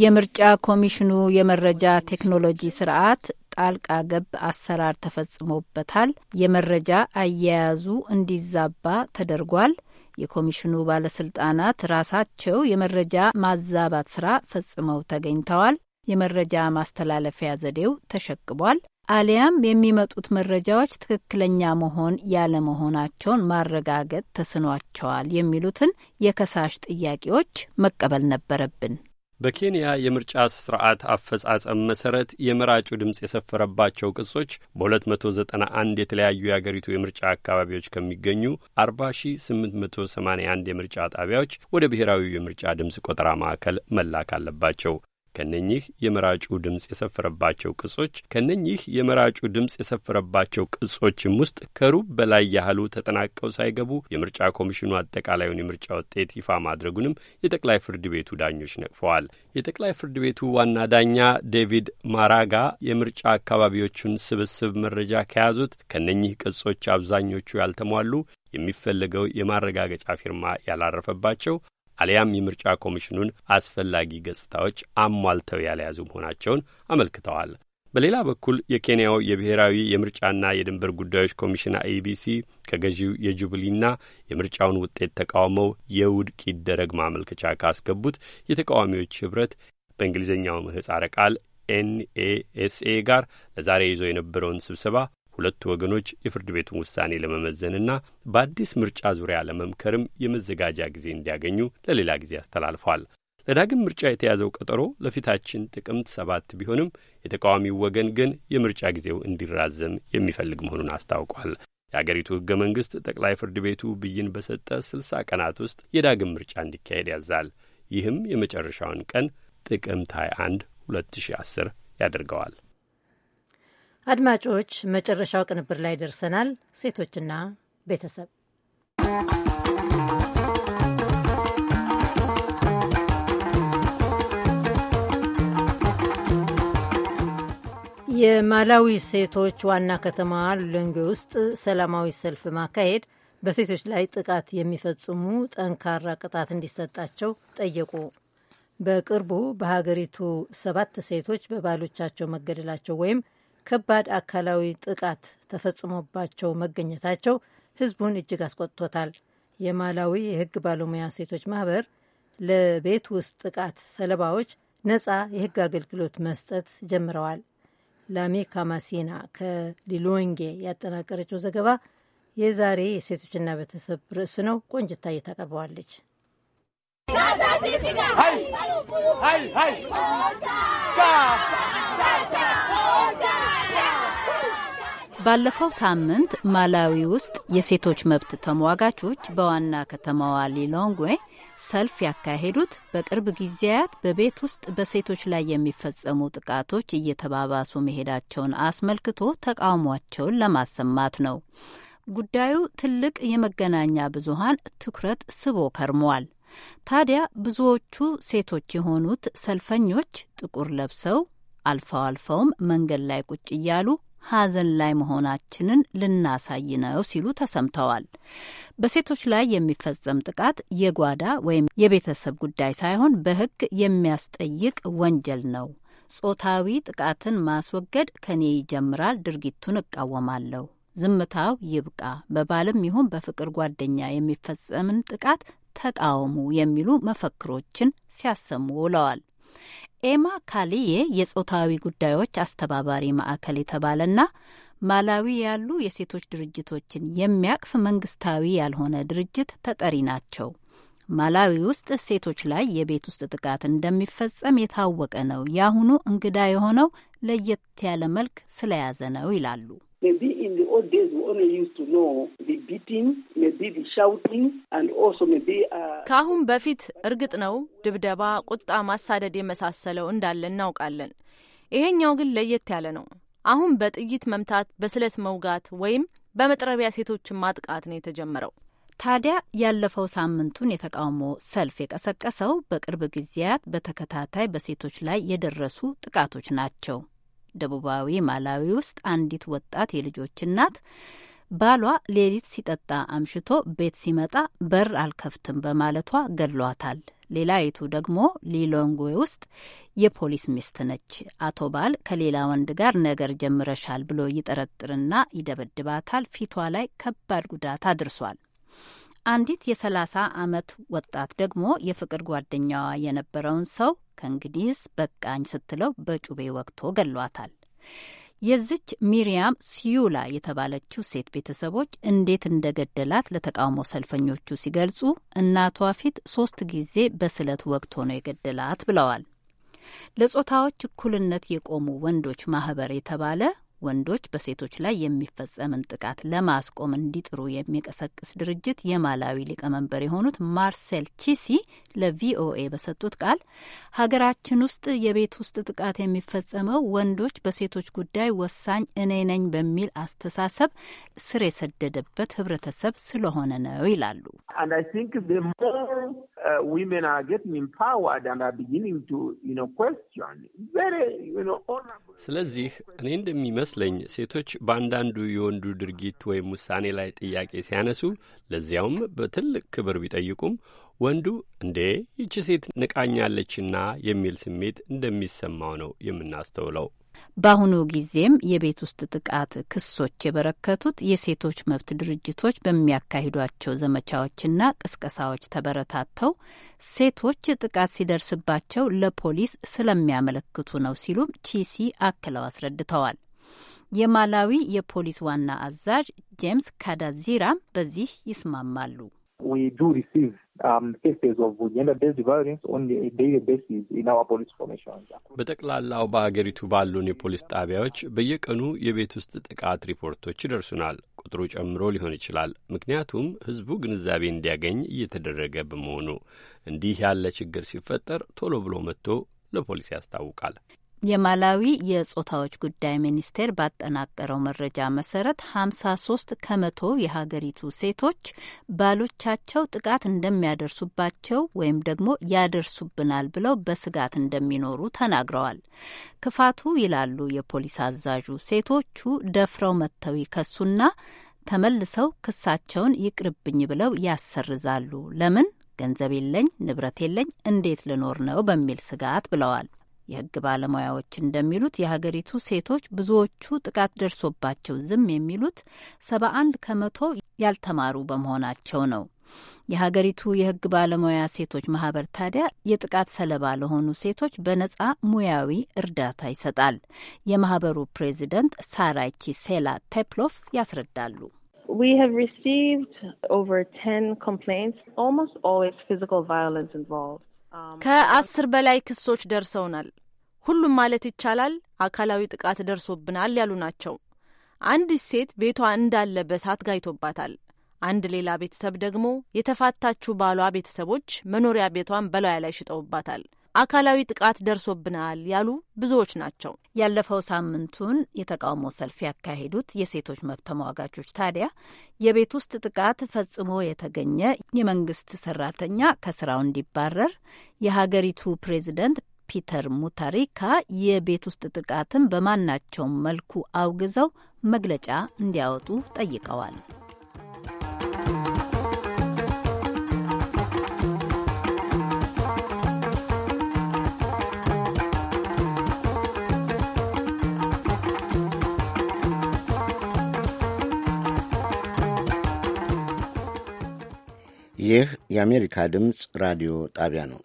የምርጫ ኮሚሽኑ የመረጃ ቴክኖሎጂ ስርዓት ጣልቃ ገብ አሰራር ተፈጽሞበታል፣ የመረጃ አያያዙ እንዲዛባ ተደርጓል፣ የኮሚሽኑ ባለስልጣናት ራሳቸው የመረጃ ማዛባት ስራ ፈጽመው ተገኝተዋል፣ የመረጃ ማስተላለፊያ ዘዴው ተሸክቧል፣ አሊያም የሚመጡት መረጃዎች ትክክለኛ መሆን ያለመሆናቸውን ማረጋገጥ ተስኗቸዋል የሚሉትን የከሳሽ ጥያቄዎች መቀበል ነበረብን። በኬንያ የምርጫ ስርዓት አፈጻጸም መሰረት የመራጩ ድምፅ የሰፈረባቸው ቅጾች በ291 የተለያዩ የአገሪቱ የምርጫ አካባቢዎች ከሚገኙ 40881 የምርጫ ጣቢያዎች ወደ ብሔራዊ የምርጫ ድምፅ ቆጠራ ማዕከል መላክ አለባቸው። ከነኚህ የመራጩ ድምፅ የሰፈረባቸው ቅጾች ከነኚህ የመራጩ ድምፅ የሰፈረባቸው ቅጾችም ውስጥ ከሩብ በላይ ያህሉ ተጠናቀው ሳይገቡ የምርጫ ኮሚሽኑ አጠቃላዩን የምርጫ ውጤት ይፋ ማድረጉንም የጠቅላይ ፍርድ ቤቱ ዳኞች ነቅፈዋል። የጠቅላይ ፍርድ ቤቱ ዋና ዳኛ ዴቪድ ማራጋ የምርጫ አካባቢዎቹን ስብስብ መረጃ ከያዙት ከነኚህ ቅጾች አብዛኞቹ ያልተሟሉ የሚፈለገው የማረጋገጫ ፊርማ ያላረፈባቸው አሊያም የምርጫ ኮሚሽኑን አስፈላጊ ገጽታዎች አሟልተው ያልያዙ መሆናቸውን አመልክተዋል። በሌላ በኩል የኬንያው የብሔራዊ የምርጫና የድንበር ጉዳዮች ኮሚሽን ኢቢሲ ከገዢው የጁብሊና የምርጫውን ውጤት ተቃውመው የውድቅ ይደረግ ማመልከቻ ካስገቡት የተቃዋሚዎች ኅብረት በእንግሊዝኛው ምህጻረ ቃል ኤንኤኤስኤ ጋር ለዛሬ ይዞ የነበረውን ስብሰባ ሁለቱ ወገኖች የፍርድ ቤቱን ውሳኔ ለመመዘንና በአዲስ ምርጫ ዙሪያ ለመምከርም የመዘጋጃ ጊዜ እንዲያገኙ ለሌላ ጊዜ አስተላልፏል። ለዳግም ምርጫ የተያዘው ቀጠሮ ለፊታችን ጥቅምት ሰባት ቢሆንም የተቃዋሚው ወገን ግን የምርጫ ጊዜው እንዲራዘም የሚፈልግ መሆኑን አስታውቋል። የአገሪቱ ህገ መንግስት ጠቅላይ ፍርድ ቤቱ ብይን በሰጠ ስልሳ ቀናት ውስጥ የዳግም ምርጫ እንዲካሄድ ያዛል። ይህም የመጨረሻውን ቀን ጥቅምት 21 2010 ያደርገዋል። አድማጮች፣ መጨረሻው ቅንብር ላይ ደርሰናል። ሴቶችና ቤተሰብ የማላዊ ሴቶች ዋና ከተማ ሎንጌ ውስጥ ሰላማዊ ሰልፍ ማካሄድ በሴቶች ላይ ጥቃት የሚፈጽሙ ጠንካራ ቅጣት እንዲሰጣቸው ጠየቁ። በቅርቡ በሀገሪቱ ሰባት ሴቶች በባሎቻቸው መገደላቸው ወይም ከባድ አካላዊ ጥቃት ተፈጽሞባቸው መገኘታቸው ህዝቡን እጅግ አስቆጥቶታል። የማላዊ የህግ ባለሙያ ሴቶች ማህበር ለቤት ውስጥ ጥቃት ሰለባዎች ነፃ የህግ አገልግሎት መስጠት ጀምረዋል። ላሚ ካማሲና ከሊሎንጌ ያጠናቀረችው ዘገባ የዛሬ የሴቶችና ቤተሰብ ርዕስ ነው። ቆንጅታ ታቀርበዋለች። ባለፈው ሳምንት ማላዊ ውስጥ የሴቶች መብት ተሟጋቾች በዋና ከተማዋ ሊሎንግዌ ሰልፍ ያካሄዱት በቅርብ ጊዜያት በቤት ውስጥ በሴቶች ላይ የሚፈጸሙ ጥቃቶች እየተባባሱ መሄዳቸውን አስመልክቶ ተቃውሟቸውን ለማሰማት ነው። ጉዳዩ ትልቅ የመገናኛ ብዙሃን ትኩረት ስቦ ከርሟል። ታዲያ ብዙዎቹ ሴቶች የሆኑት ሰልፈኞች ጥቁር ለብሰው አልፈው አልፈውም መንገድ ላይ ቁጭ እያሉ ሐዘን ላይ መሆናችንን ልናሳይ ነው ሲሉ ተሰምተዋል። በሴቶች ላይ የሚፈጸም ጥቃት የጓዳ ወይም የቤተሰብ ጉዳይ ሳይሆን በሕግ የሚያስጠይቅ ወንጀል ነው። ጾታዊ ጥቃትን ማስወገድ ከኔ ይጀምራል። ድርጊቱን እቃወማለሁ። ዝምታው ይብቃ። በባልም ይሁን በፍቅር ጓደኛ የሚፈጸምን ጥቃት ተቃውሙ የሚሉ መፈክሮችን ሲያሰሙ ውለዋል። ኤማ ካሊዬ የጾታዊ ጉዳዮች አስተባባሪ ማዕከል የተባለና ማላዊ ያሉ የሴቶች ድርጅቶችን የሚያቅፍ መንግስታዊ ያልሆነ ድርጅት ተጠሪ ናቸው። ማላዊ ውስጥ ሴቶች ላይ የቤት ውስጥ ጥቃት እንደሚፈጸም የታወቀ ነው። የአሁኑ እንግዳ የሆነው ለየት ያለ መልክ ስለያዘ ነው ይላሉ። Uh, ከአሁን በፊት እርግጥ ነው ድብደባ፣ ቁጣ፣ ማሳደድ የመሳሰለው እንዳለ እናውቃለን። ይሄኛው ግን ለየት ያለ ነው። አሁን በጥይት መምታት፣ በስለት መውጋት ወይም በመጥረቢያ ሴቶችን ማጥቃት ነው የተጀመረው። ታዲያ ያለፈው ሳምንቱን የተቃውሞ ሰልፍ የቀሰቀሰው በቅርብ ጊዜያት በተከታታይ በሴቶች ላይ የደረሱ ጥቃቶች ናቸው። ደቡባዊ ማላዊ ውስጥ አንዲት ወጣት የልጆች እናት ባሏ ሌሊት ሲጠጣ አምሽቶ ቤት ሲመጣ በር አልከፍትም በማለቷ ገድሏታል። ሌላይቱ ደግሞ ሊሎንጎ ውስጥ የፖሊስ ሚስት ነች። አቶ ባል ከሌላ ወንድ ጋር ነገር ጀምረሻል ብሎ ይጠረጥርና ይደበድባታል። ፊቷ ላይ ከባድ ጉዳት አድርሷል። አንዲት የ30 ዓመት ወጣት ደግሞ የፍቅር ጓደኛዋ የነበረውን ሰው ከእንግዲህስ በቃኝ ስትለው በጩቤ ወቅቶ ገሏታል። የዚች ሚሪያም ሲዩላ የተባለችው ሴት ቤተሰቦች እንዴት እንደገደላት ለተቃውሞ ሰልፈኞቹ ሲገልጹ እናቷ ፊት ሶስት ጊዜ በስለት ወቅቶ ነው የገደላት ብለዋል። ለጾታዎች እኩልነት የቆሙ ወንዶች ማህበር የተባለ ወንዶች በሴቶች ላይ የሚፈጸምን ጥቃት ለማስቆም እንዲጥሩ የሚቀሰቅስ ድርጅት የማላዊ ሊቀመንበር የሆኑት ማርሴል ቺሲ ለቪኦኤ በሰጡት ቃል ሀገራችን ውስጥ የቤት ውስጥ ጥቃት የሚፈጸመው ወንዶች በሴቶች ጉዳይ ወሳኝ እኔ ነኝ በሚል አስተሳሰብ ስር የሰደደበት ህብረተሰብ ስለሆነ ነው ይላሉ። ስለዚህ እኔ እንደሚመስል የሚመስለኝ ሴቶች በአንዳንዱ የወንዱ ድርጊት ወይም ውሳኔ ላይ ጥያቄ ሲያነሱ ለዚያውም በትልቅ ክብር ቢጠይቁም ወንዱ እንዴ ይቺ ሴት ንቃኛለችና የሚል ስሜት እንደሚሰማው ነው የምናስተውለው። በአሁኑ ጊዜም የቤት ውስጥ ጥቃት ክሶች የበረከቱት የሴቶች መብት ድርጅቶች በሚያካሂዷቸው ዘመቻዎችና ቅስቀሳዎች ተበረታተው ሴቶች ጥቃት ሲደርስባቸው ለፖሊስ ስለሚያመለክቱ ነው ሲሉም ቺሲ አክለው አስረድተዋል። የማላዊ የፖሊስ ዋና አዛዥ ጄምስ ካዳዚራም በዚህ ይስማማሉ። um, በጠቅላላው በአገሪቱ ባሉን የፖሊስ ጣቢያዎች በየቀኑ የቤት ውስጥ ጥቃት ሪፖርቶች ይደርሱናል። ቁጥሩ ጨምሮ ሊሆን ይችላል። ምክንያቱም ሕዝቡ ግንዛቤ እንዲያገኝ እየተደረገ በመሆኑ እንዲህ ያለ ችግር ሲፈጠር ቶሎ ብሎ መጥቶ ለፖሊስ ያስታውቃል። የማላዊ የጾታዎች ጉዳይ ሚኒስቴር ባጠናቀረው መረጃ መሰረት 53 ከመቶ የሀገሪቱ ሴቶች ባሎቻቸው ጥቃት እንደሚያደርሱባቸው ወይም ደግሞ ያደርሱብናል ብለው በስጋት እንደሚኖሩ ተናግረዋል። ክፋቱ ይላሉ የፖሊስ አዛዡ፣ ሴቶቹ ደፍረው መጥተው ይከሱና ተመልሰው ክሳቸውን ይቅርብኝ ብለው ያሰርዛሉ። ለምን? ገንዘብ የለኝ፣ ንብረት የለኝ፣ እንዴት ልኖር ነው በሚል ስጋት ብለዋል። የህግ ባለሙያዎች እንደሚሉት የሀገሪቱ ሴቶች ብዙዎቹ ጥቃት ደርሶባቸው ዝም የሚሉት ሰባ አንድ ከመቶ ያልተማሩ በመሆናቸው ነው። የሀገሪቱ የህግ ባለሙያ ሴቶች ማህበር ታዲያ የጥቃት ሰለባ ለሆኑ ሴቶች በነጻ ሙያዊ እርዳታ ይሰጣል። የማህበሩ ፕሬዚደንት ሳራይቺ ሴላ ቴፕሎፍ ያስረዳሉ። We have received over 10 complaints, almost always physical violence involved. Um, ከአስር በላይ ክሶች ደርሰውናል። ሁሉም ማለት ይቻላል አካላዊ ጥቃት ደርሶብናል ያሉ ናቸው። አንዲት ሴት ቤቷ እንዳለ በሳት ጋይቶባታል። አንድ ሌላ ቤተሰብ ደግሞ የተፋታችሁ ባሏ ቤተሰቦች መኖሪያ ቤቷን በላዩ ላይ ሽጠውባታል። አካላዊ ጥቃት ደርሶብናል ያሉ ብዙዎች ናቸው። ያለፈው ሳምንቱን የተቃውሞ ሰልፍ ያካሄዱት የሴቶች መብት ተሟጋቾች ታዲያ የቤት ውስጥ ጥቃት ፈጽሞ የተገኘ የመንግስት ሰራተኛ ከስራው እንዲባረር፣ የሀገሪቱ ፕሬዚደንት ፒተር ሙታሪካ የቤት ውስጥ ጥቃትን በማናቸውም መልኩ አውግዘው መግለጫ እንዲያወጡ ጠይቀዋል። ይህ የአሜሪካ ድምፅ ራዲዮ ጣቢያ ነው።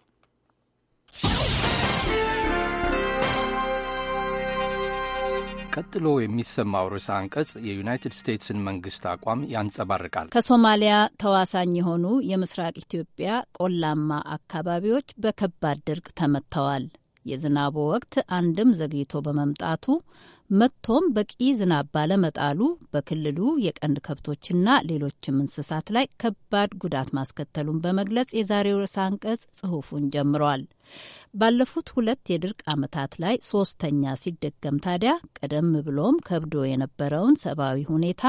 ቀጥሎ የሚሰማው ርዕሰ አንቀጽ የዩናይትድ ስቴትስን መንግስት አቋም ያንጸባርቃል። ከሶማሊያ ተዋሳኝ የሆኑ የምስራቅ ኢትዮጵያ ቆላማ አካባቢዎች በከባድ ድርቅ ተመትተዋል። የዝናቡ ወቅት አንድም ዘግይቶ በመምጣቱ መጥቶም በቂ ዝናብ ባለመጣሉ በክልሉ የቀንድ ከብቶችና ሌሎችም እንስሳት ላይ ከባድ ጉዳት ማስከተሉን በመግለጽ የዛሬው ርዕሰ አንቀጽ ጽሑፉን ጀምረዋል። ባለፉት ሁለት የድርቅ ዓመታት ላይ ሶስተኛ ሲደገም ታዲያ ቀደም ብሎም ከብዶ የነበረውን ሰብአዊ ሁኔታ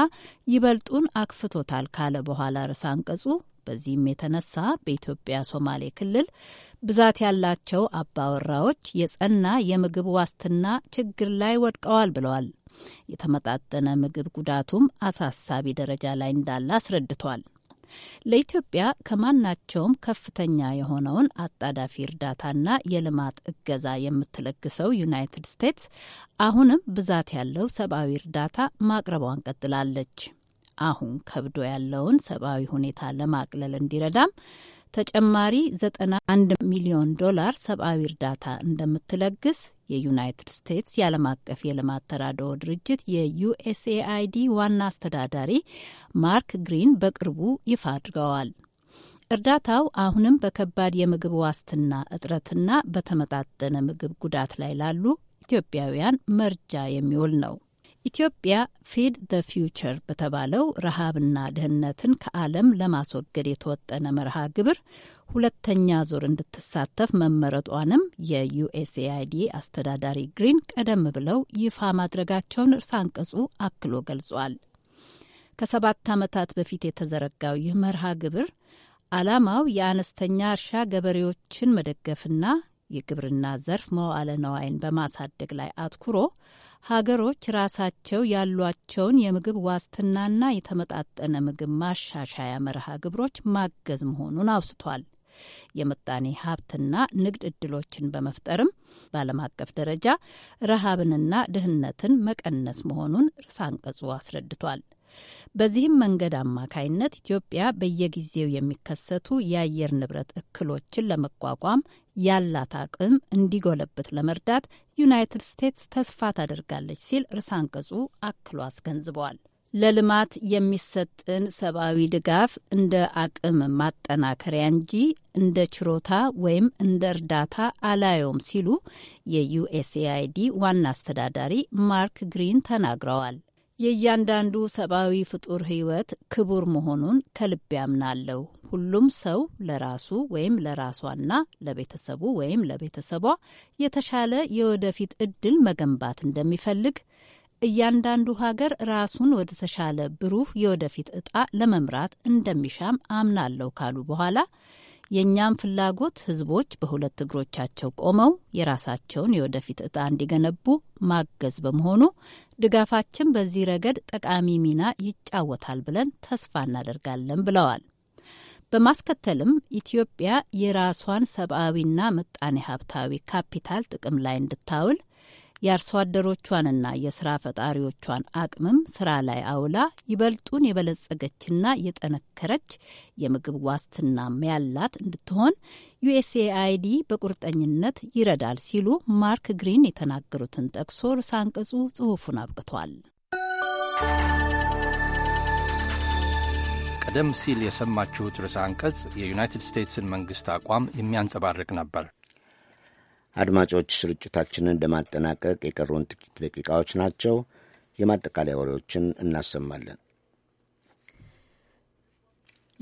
ይበልጡን አክፍቶታል ካለ በኋላ ርዕሰ አንቀጹ በዚህም የተነሳ በኢትዮጵያ ሶማሌ ክልል ብዛት ያላቸው አባወራዎች የጸና የምግብ ዋስትና ችግር ላይ ወድቀዋል ብለዋል። የተመጣጠነ ምግብ ጉዳቱም አሳሳቢ ደረጃ ላይ እንዳለ አስረድቷል። ለኢትዮጵያ ከማናቸውም ከፍተኛ የሆነውን አጣዳፊ እርዳታና የልማት እገዛ የምትለግሰው ዩናይትድ ስቴትስ አሁንም ብዛት ያለው ሰብአዊ እርዳታ ማቅረቧን ቀጥላለች። አሁን ከብዶ ያለውን ሰብአዊ ሁኔታ ለማቅለል እንዲረዳም ተጨማሪ 91 ሚሊዮን ዶላር ሰብአዊ እርዳታ እንደምትለግስ የዩናይትድ ስቴትስ የዓለም አቀፍ የልማት ተራድኦ ድርጅት የዩኤስኤአይዲ ዋና አስተዳዳሪ ማርክ ግሪን በቅርቡ ይፋ አድርገዋል። እርዳታው አሁንም በከባድ የምግብ ዋስትና እጥረትና በተመጣጠነ ምግብ ጉዳት ላይ ላሉ ኢትዮጵያውያን መርጃ የሚውል ነው። ኢትዮጵያ ፊድ ዘ ፊውቸር በተባለው ረሃብና ድህነትን ከዓለም ለማስወገድ የተወጠነ መርሃ ግብር ሁለተኛ ዙር እንድትሳተፍ መመረጧንም የዩኤስኤአይዲ አስተዳዳሪ ግሪን ቀደም ብለው ይፋ ማድረጋቸውን እርሳ አንቀጹ አክሎ ገልጿል። ከሰባት ዓመታት በፊት የተዘረጋው ይህ መርሃ ግብር ዓላማው የአነስተኛ እርሻ ገበሬዎችን መደገፍና የግብርና ዘርፍ መዋዕለ ነዋይን በማሳደግ ላይ አትኩሮ ሀገሮች ራሳቸው ያሏቸውን የምግብ ዋስትናና የተመጣጠነ ምግብ ማሻሻያ መርሃ ግብሮች ማገዝ መሆኑን አውስቷል። የምጣኔ ሀብትና ንግድ እድሎችን በመፍጠርም በዓለም አቀፍ ደረጃ ረሃብንና ድህነትን መቀነስ መሆኑን ርዕሰ አንቀጹ አስረድቷል። በዚህም መንገድ አማካይነት ኢትዮጵያ በየጊዜው የሚከሰቱ የአየር ንብረት እክሎችን ለመቋቋም ያላት አቅም እንዲጎለብት ለመርዳት ዩናይትድ ስቴትስ ተስፋ ታደርጋለች ሲል ርዕሰ አንቀጹ አክሎ አስገንዝበዋል። ለልማት የሚሰጥን ሰብአዊ ድጋፍ እንደ አቅም ማጠናከሪያ እንጂ እንደ ችሮታ ወይም እንደ እርዳታ አላየውም ሲሉ የዩኤስኤአይዲ ዋና አስተዳዳሪ ማርክ ግሪን ተናግረዋል። የእያንዳንዱ ሰብአዊ ፍጡር ህይወት ክቡር መሆኑን ከልብ ያምናለሁ። ሁሉም ሰው ለራሱ ወይም ለራሷና ለቤተሰቡ ወይም ለቤተሰቧ የተሻለ የወደፊት እድል መገንባት እንደሚፈልግ እያንዳንዱ ሀገር ራሱን ወደ ተሻለ ብሩህ የወደፊት እጣ ለመምራት እንደሚሻም አምናለሁ ካሉ በኋላ የእኛም ፍላጎት ህዝቦች በሁለት እግሮቻቸው ቆመው የራሳቸውን የወደፊት እጣ እንዲገነቡ ማገዝ በመሆኑ ድጋፋችን በዚህ ረገድ ጠቃሚ ሚና ይጫወታል ብለን ተስፋ እናደርጋለን ብለዋል። በማስከተልም ኢትዮጵያ የራሷን ሰብአዊና ምጣኔ ሀብታዊ ካፒታል ጥቅም ላይ እንድታውል የአርሶ አደሮቿንና የስራ ፈጣሪዎቿን አቅምም ስራ ላይ አውላ ይበልጡን የበለጸገችና የጠነከረች የምግብ ዋስትናም ያላት እንድትሆን ዩኤስኤአይዲ በቁርጠኝነት ይረዳል ሲሉ ማርክ ግሪን የተናገሩትን ጠቅሶ ርዕሰ አንቀጹ ጽሑፉን አብቅቷል። ቀደም ሲል የሰማችሁት ርዕሰ አንቀጽ የዩናይትድ ስቴትስን መንግስት አቋም የሚያንጸባርቅ ነበር። አድማጮች፣ ስርጭታችንን ለማጠናቀቅ የቀሩን ጥቂት ደቂቃዎች ናቸው። የማጠቃለያ ወሬዎችን እናሰማለን።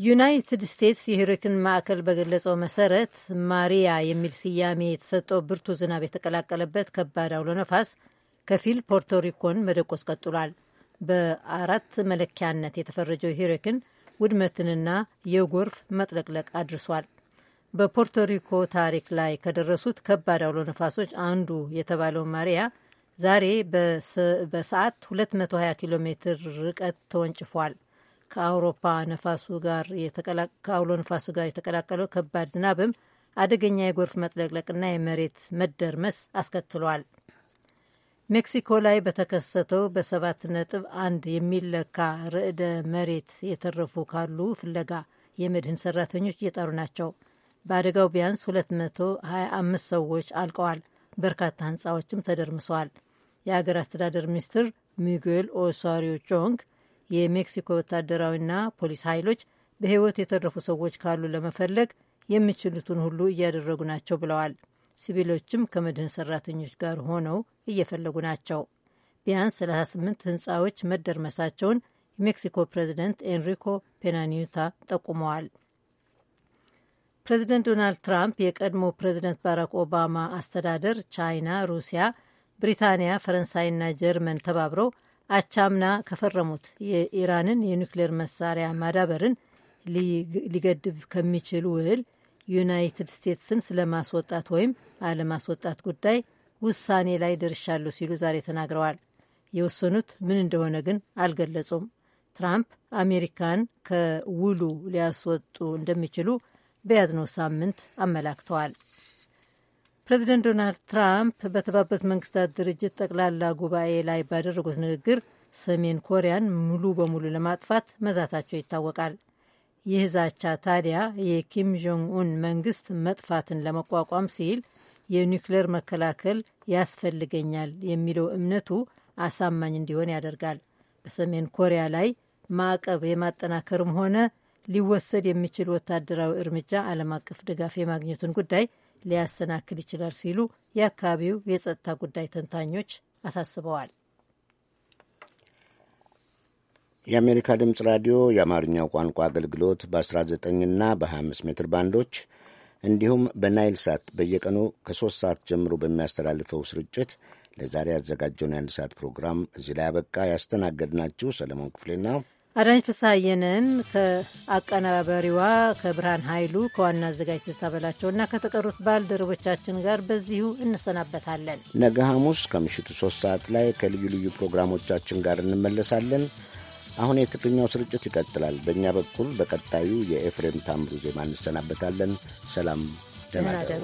ዩናይትድ ስቴትስ የሂሪክን ማዕከል በገለጸው መሰረት ማሪያ የሚል ስያሜ የተሰጠው ብርቱ ዝናብ የተቀላቀለበት ከባድ አውሎ ነፋስ ከፊል ፖርቶሪኮን መደቆስ ቀጥሏል። በአራት መለኪያነት የተፈረጀው ሂሪክን ውድመትንና የጎርፍ መጥለቅለቅ አድርሷል። በፖርቶሪኮ ታሪክ ላይ ከደረሱት ከባድ አውሎ ነፋሶች አንዱ የተባለው ማሪያ ዛሬ በሰዓት 220 ኪሎ ሜትር ርቀት ተወንጭፏል። ከአውሮፓ ነፋሱ ጋር ከአውሎ ነፋሱ ጋር የተቀላቀለው ከባድ ዝናብም አደገኛ የጎርፍ መጥለቅለቅና የመሬት መደርመስ አስከትሏል። ሜክሲኮ ላይ በተከሰተው በሰባት ነጥብ አንድ የሚለካ ርዕደ መሬት የተረፉ ካሉ ፍለጋ የመድህን ሰራተኞች እየጠሩ ናቸው። በአደጋው ቢያንስ 225 ሰዎች አልቀዋል፣ በርካታ ህንፃዎችም ተደርምሰዋል። የአገር አስተዳደር ሚኒስትር ሚጉኤል ኦሳሪዮ ቾንግ የሜክሲኮ ወታደራዊና ፖሊስ ኃይሎች በህይወት የተረፉ ሰዎች ካሉ ለመፈለግ የሚችሉትን ሁሉ እያደረጉ ናቸው ብለዋል። ሲቪሎችም ከመድህን ሰራተኞች ጋር ሆነው እየፈለጉ ናቸው። ቢያንስ 38 ህንፃዎች መደርመሳቸውን የሜክሲኮ ፕሬዚደንት ኤንሪኮ ፔናኒዩታ ጠቁመዋል። ፕሬዚደንት ዶናልድ ትራምፕ የቀድሞ ፕሬዚደንት ባራክ ኦባማ አስተዳደር ቻይና፣ ሩሲያ፣ ብሪታንያ፣ ፈረንሳይና ጀርመን ተባብረው አቻምና ከፈረሙት የኢራንን የኒውክሌር መሳሪያ ማዳበርን ሊገድብ ከሚችል ውል ዩናይትድ ስቴትስን ስለማስወጣት ወይም አለማስወጣት ጉዳይ ውሳኔ ላይ ደርሻለሁ ሲሉ ዛሬ ተናግረዋል። የወሰኑት ምን እንደሆነ ግን አልገለጹም። ትራምፕ አሜሪካን ከውሉ ሊያስወጡ እንደሚችሉ በያዝነው ሳምንት አመላክተዋል። ፕሬዚደንት ዶናልድ ትራምፕ በተባበሩት መንግስታት ድርጅት ጠቅላላ ጉባኤ ላይ ባደረጉት ንግግር ሰሜን ኮሪያን ሙሉ በሙሉ ለማጥፋት መዛታቸው ይታወቃል። ይህ ዛቻ ታዲያ የኪም ጆንግ ኡን መንግስት መጥፋትን ለመቋቋም ሲል የኒውክሌር መከላከል ያስፈልገኛል የሚለው እምነቱ አሳማኝ እንዲሆን ያደርጋል። በሰሜን ኮሪያ ላይ ማዕቀብ የማጠናከርም ሆነ ሊወሰድ የሚችል ወታደራዊ እርምጃ ዓለም አቀፍ ድጋፍ የማግኘቱን ጉዳይ ሊያሰናክል ይችላል ሲሉ የአካባቢው የጸጥታ ጉዳይ ተንታኞች አሳስበዋል። የአሜሪካ ድምፅ ራዲዮ የአማርኛው ቋንቋ አገልግሎት በ19ና በ25 ሜትር ባንዶች እንዲሁም በናይል ሳት በየቀኑ ከሦስት ሰዓት ጀምሮ በሚያስተላልፈው ስርጭት ለዛሬ ያዘጋጀውን የአንድ ሰዓት ፕሮግራም እዚህ ላይ አበቃ። ያስተናገድናችሁ ሰለሞን ክፍሌና አዳነች ፍስሐየንን ከአቀናባሪዋ ከብርሃን ኃይሉ ከዋና አዘጋጅ ትዝታ በላቸውና ከተቀሩት ባልደረቦቻችን ጋር በዚሁ እንሰናበታለን። ነገ ሐሙስ ከምሽቱ ሶስት ሰዓት ላይ ከልዩ ልዩ ፕሮግራሞቻችን ጋር እንመለሳለን። አሁን የትግርኛው ስርጭት ይቀጥላል። በእኛ በኩል በቀጣዩ የኤፍሬም ታምሩ ዜማ እንሰናበታለን። ሰላም፣ ደህና ደሩ።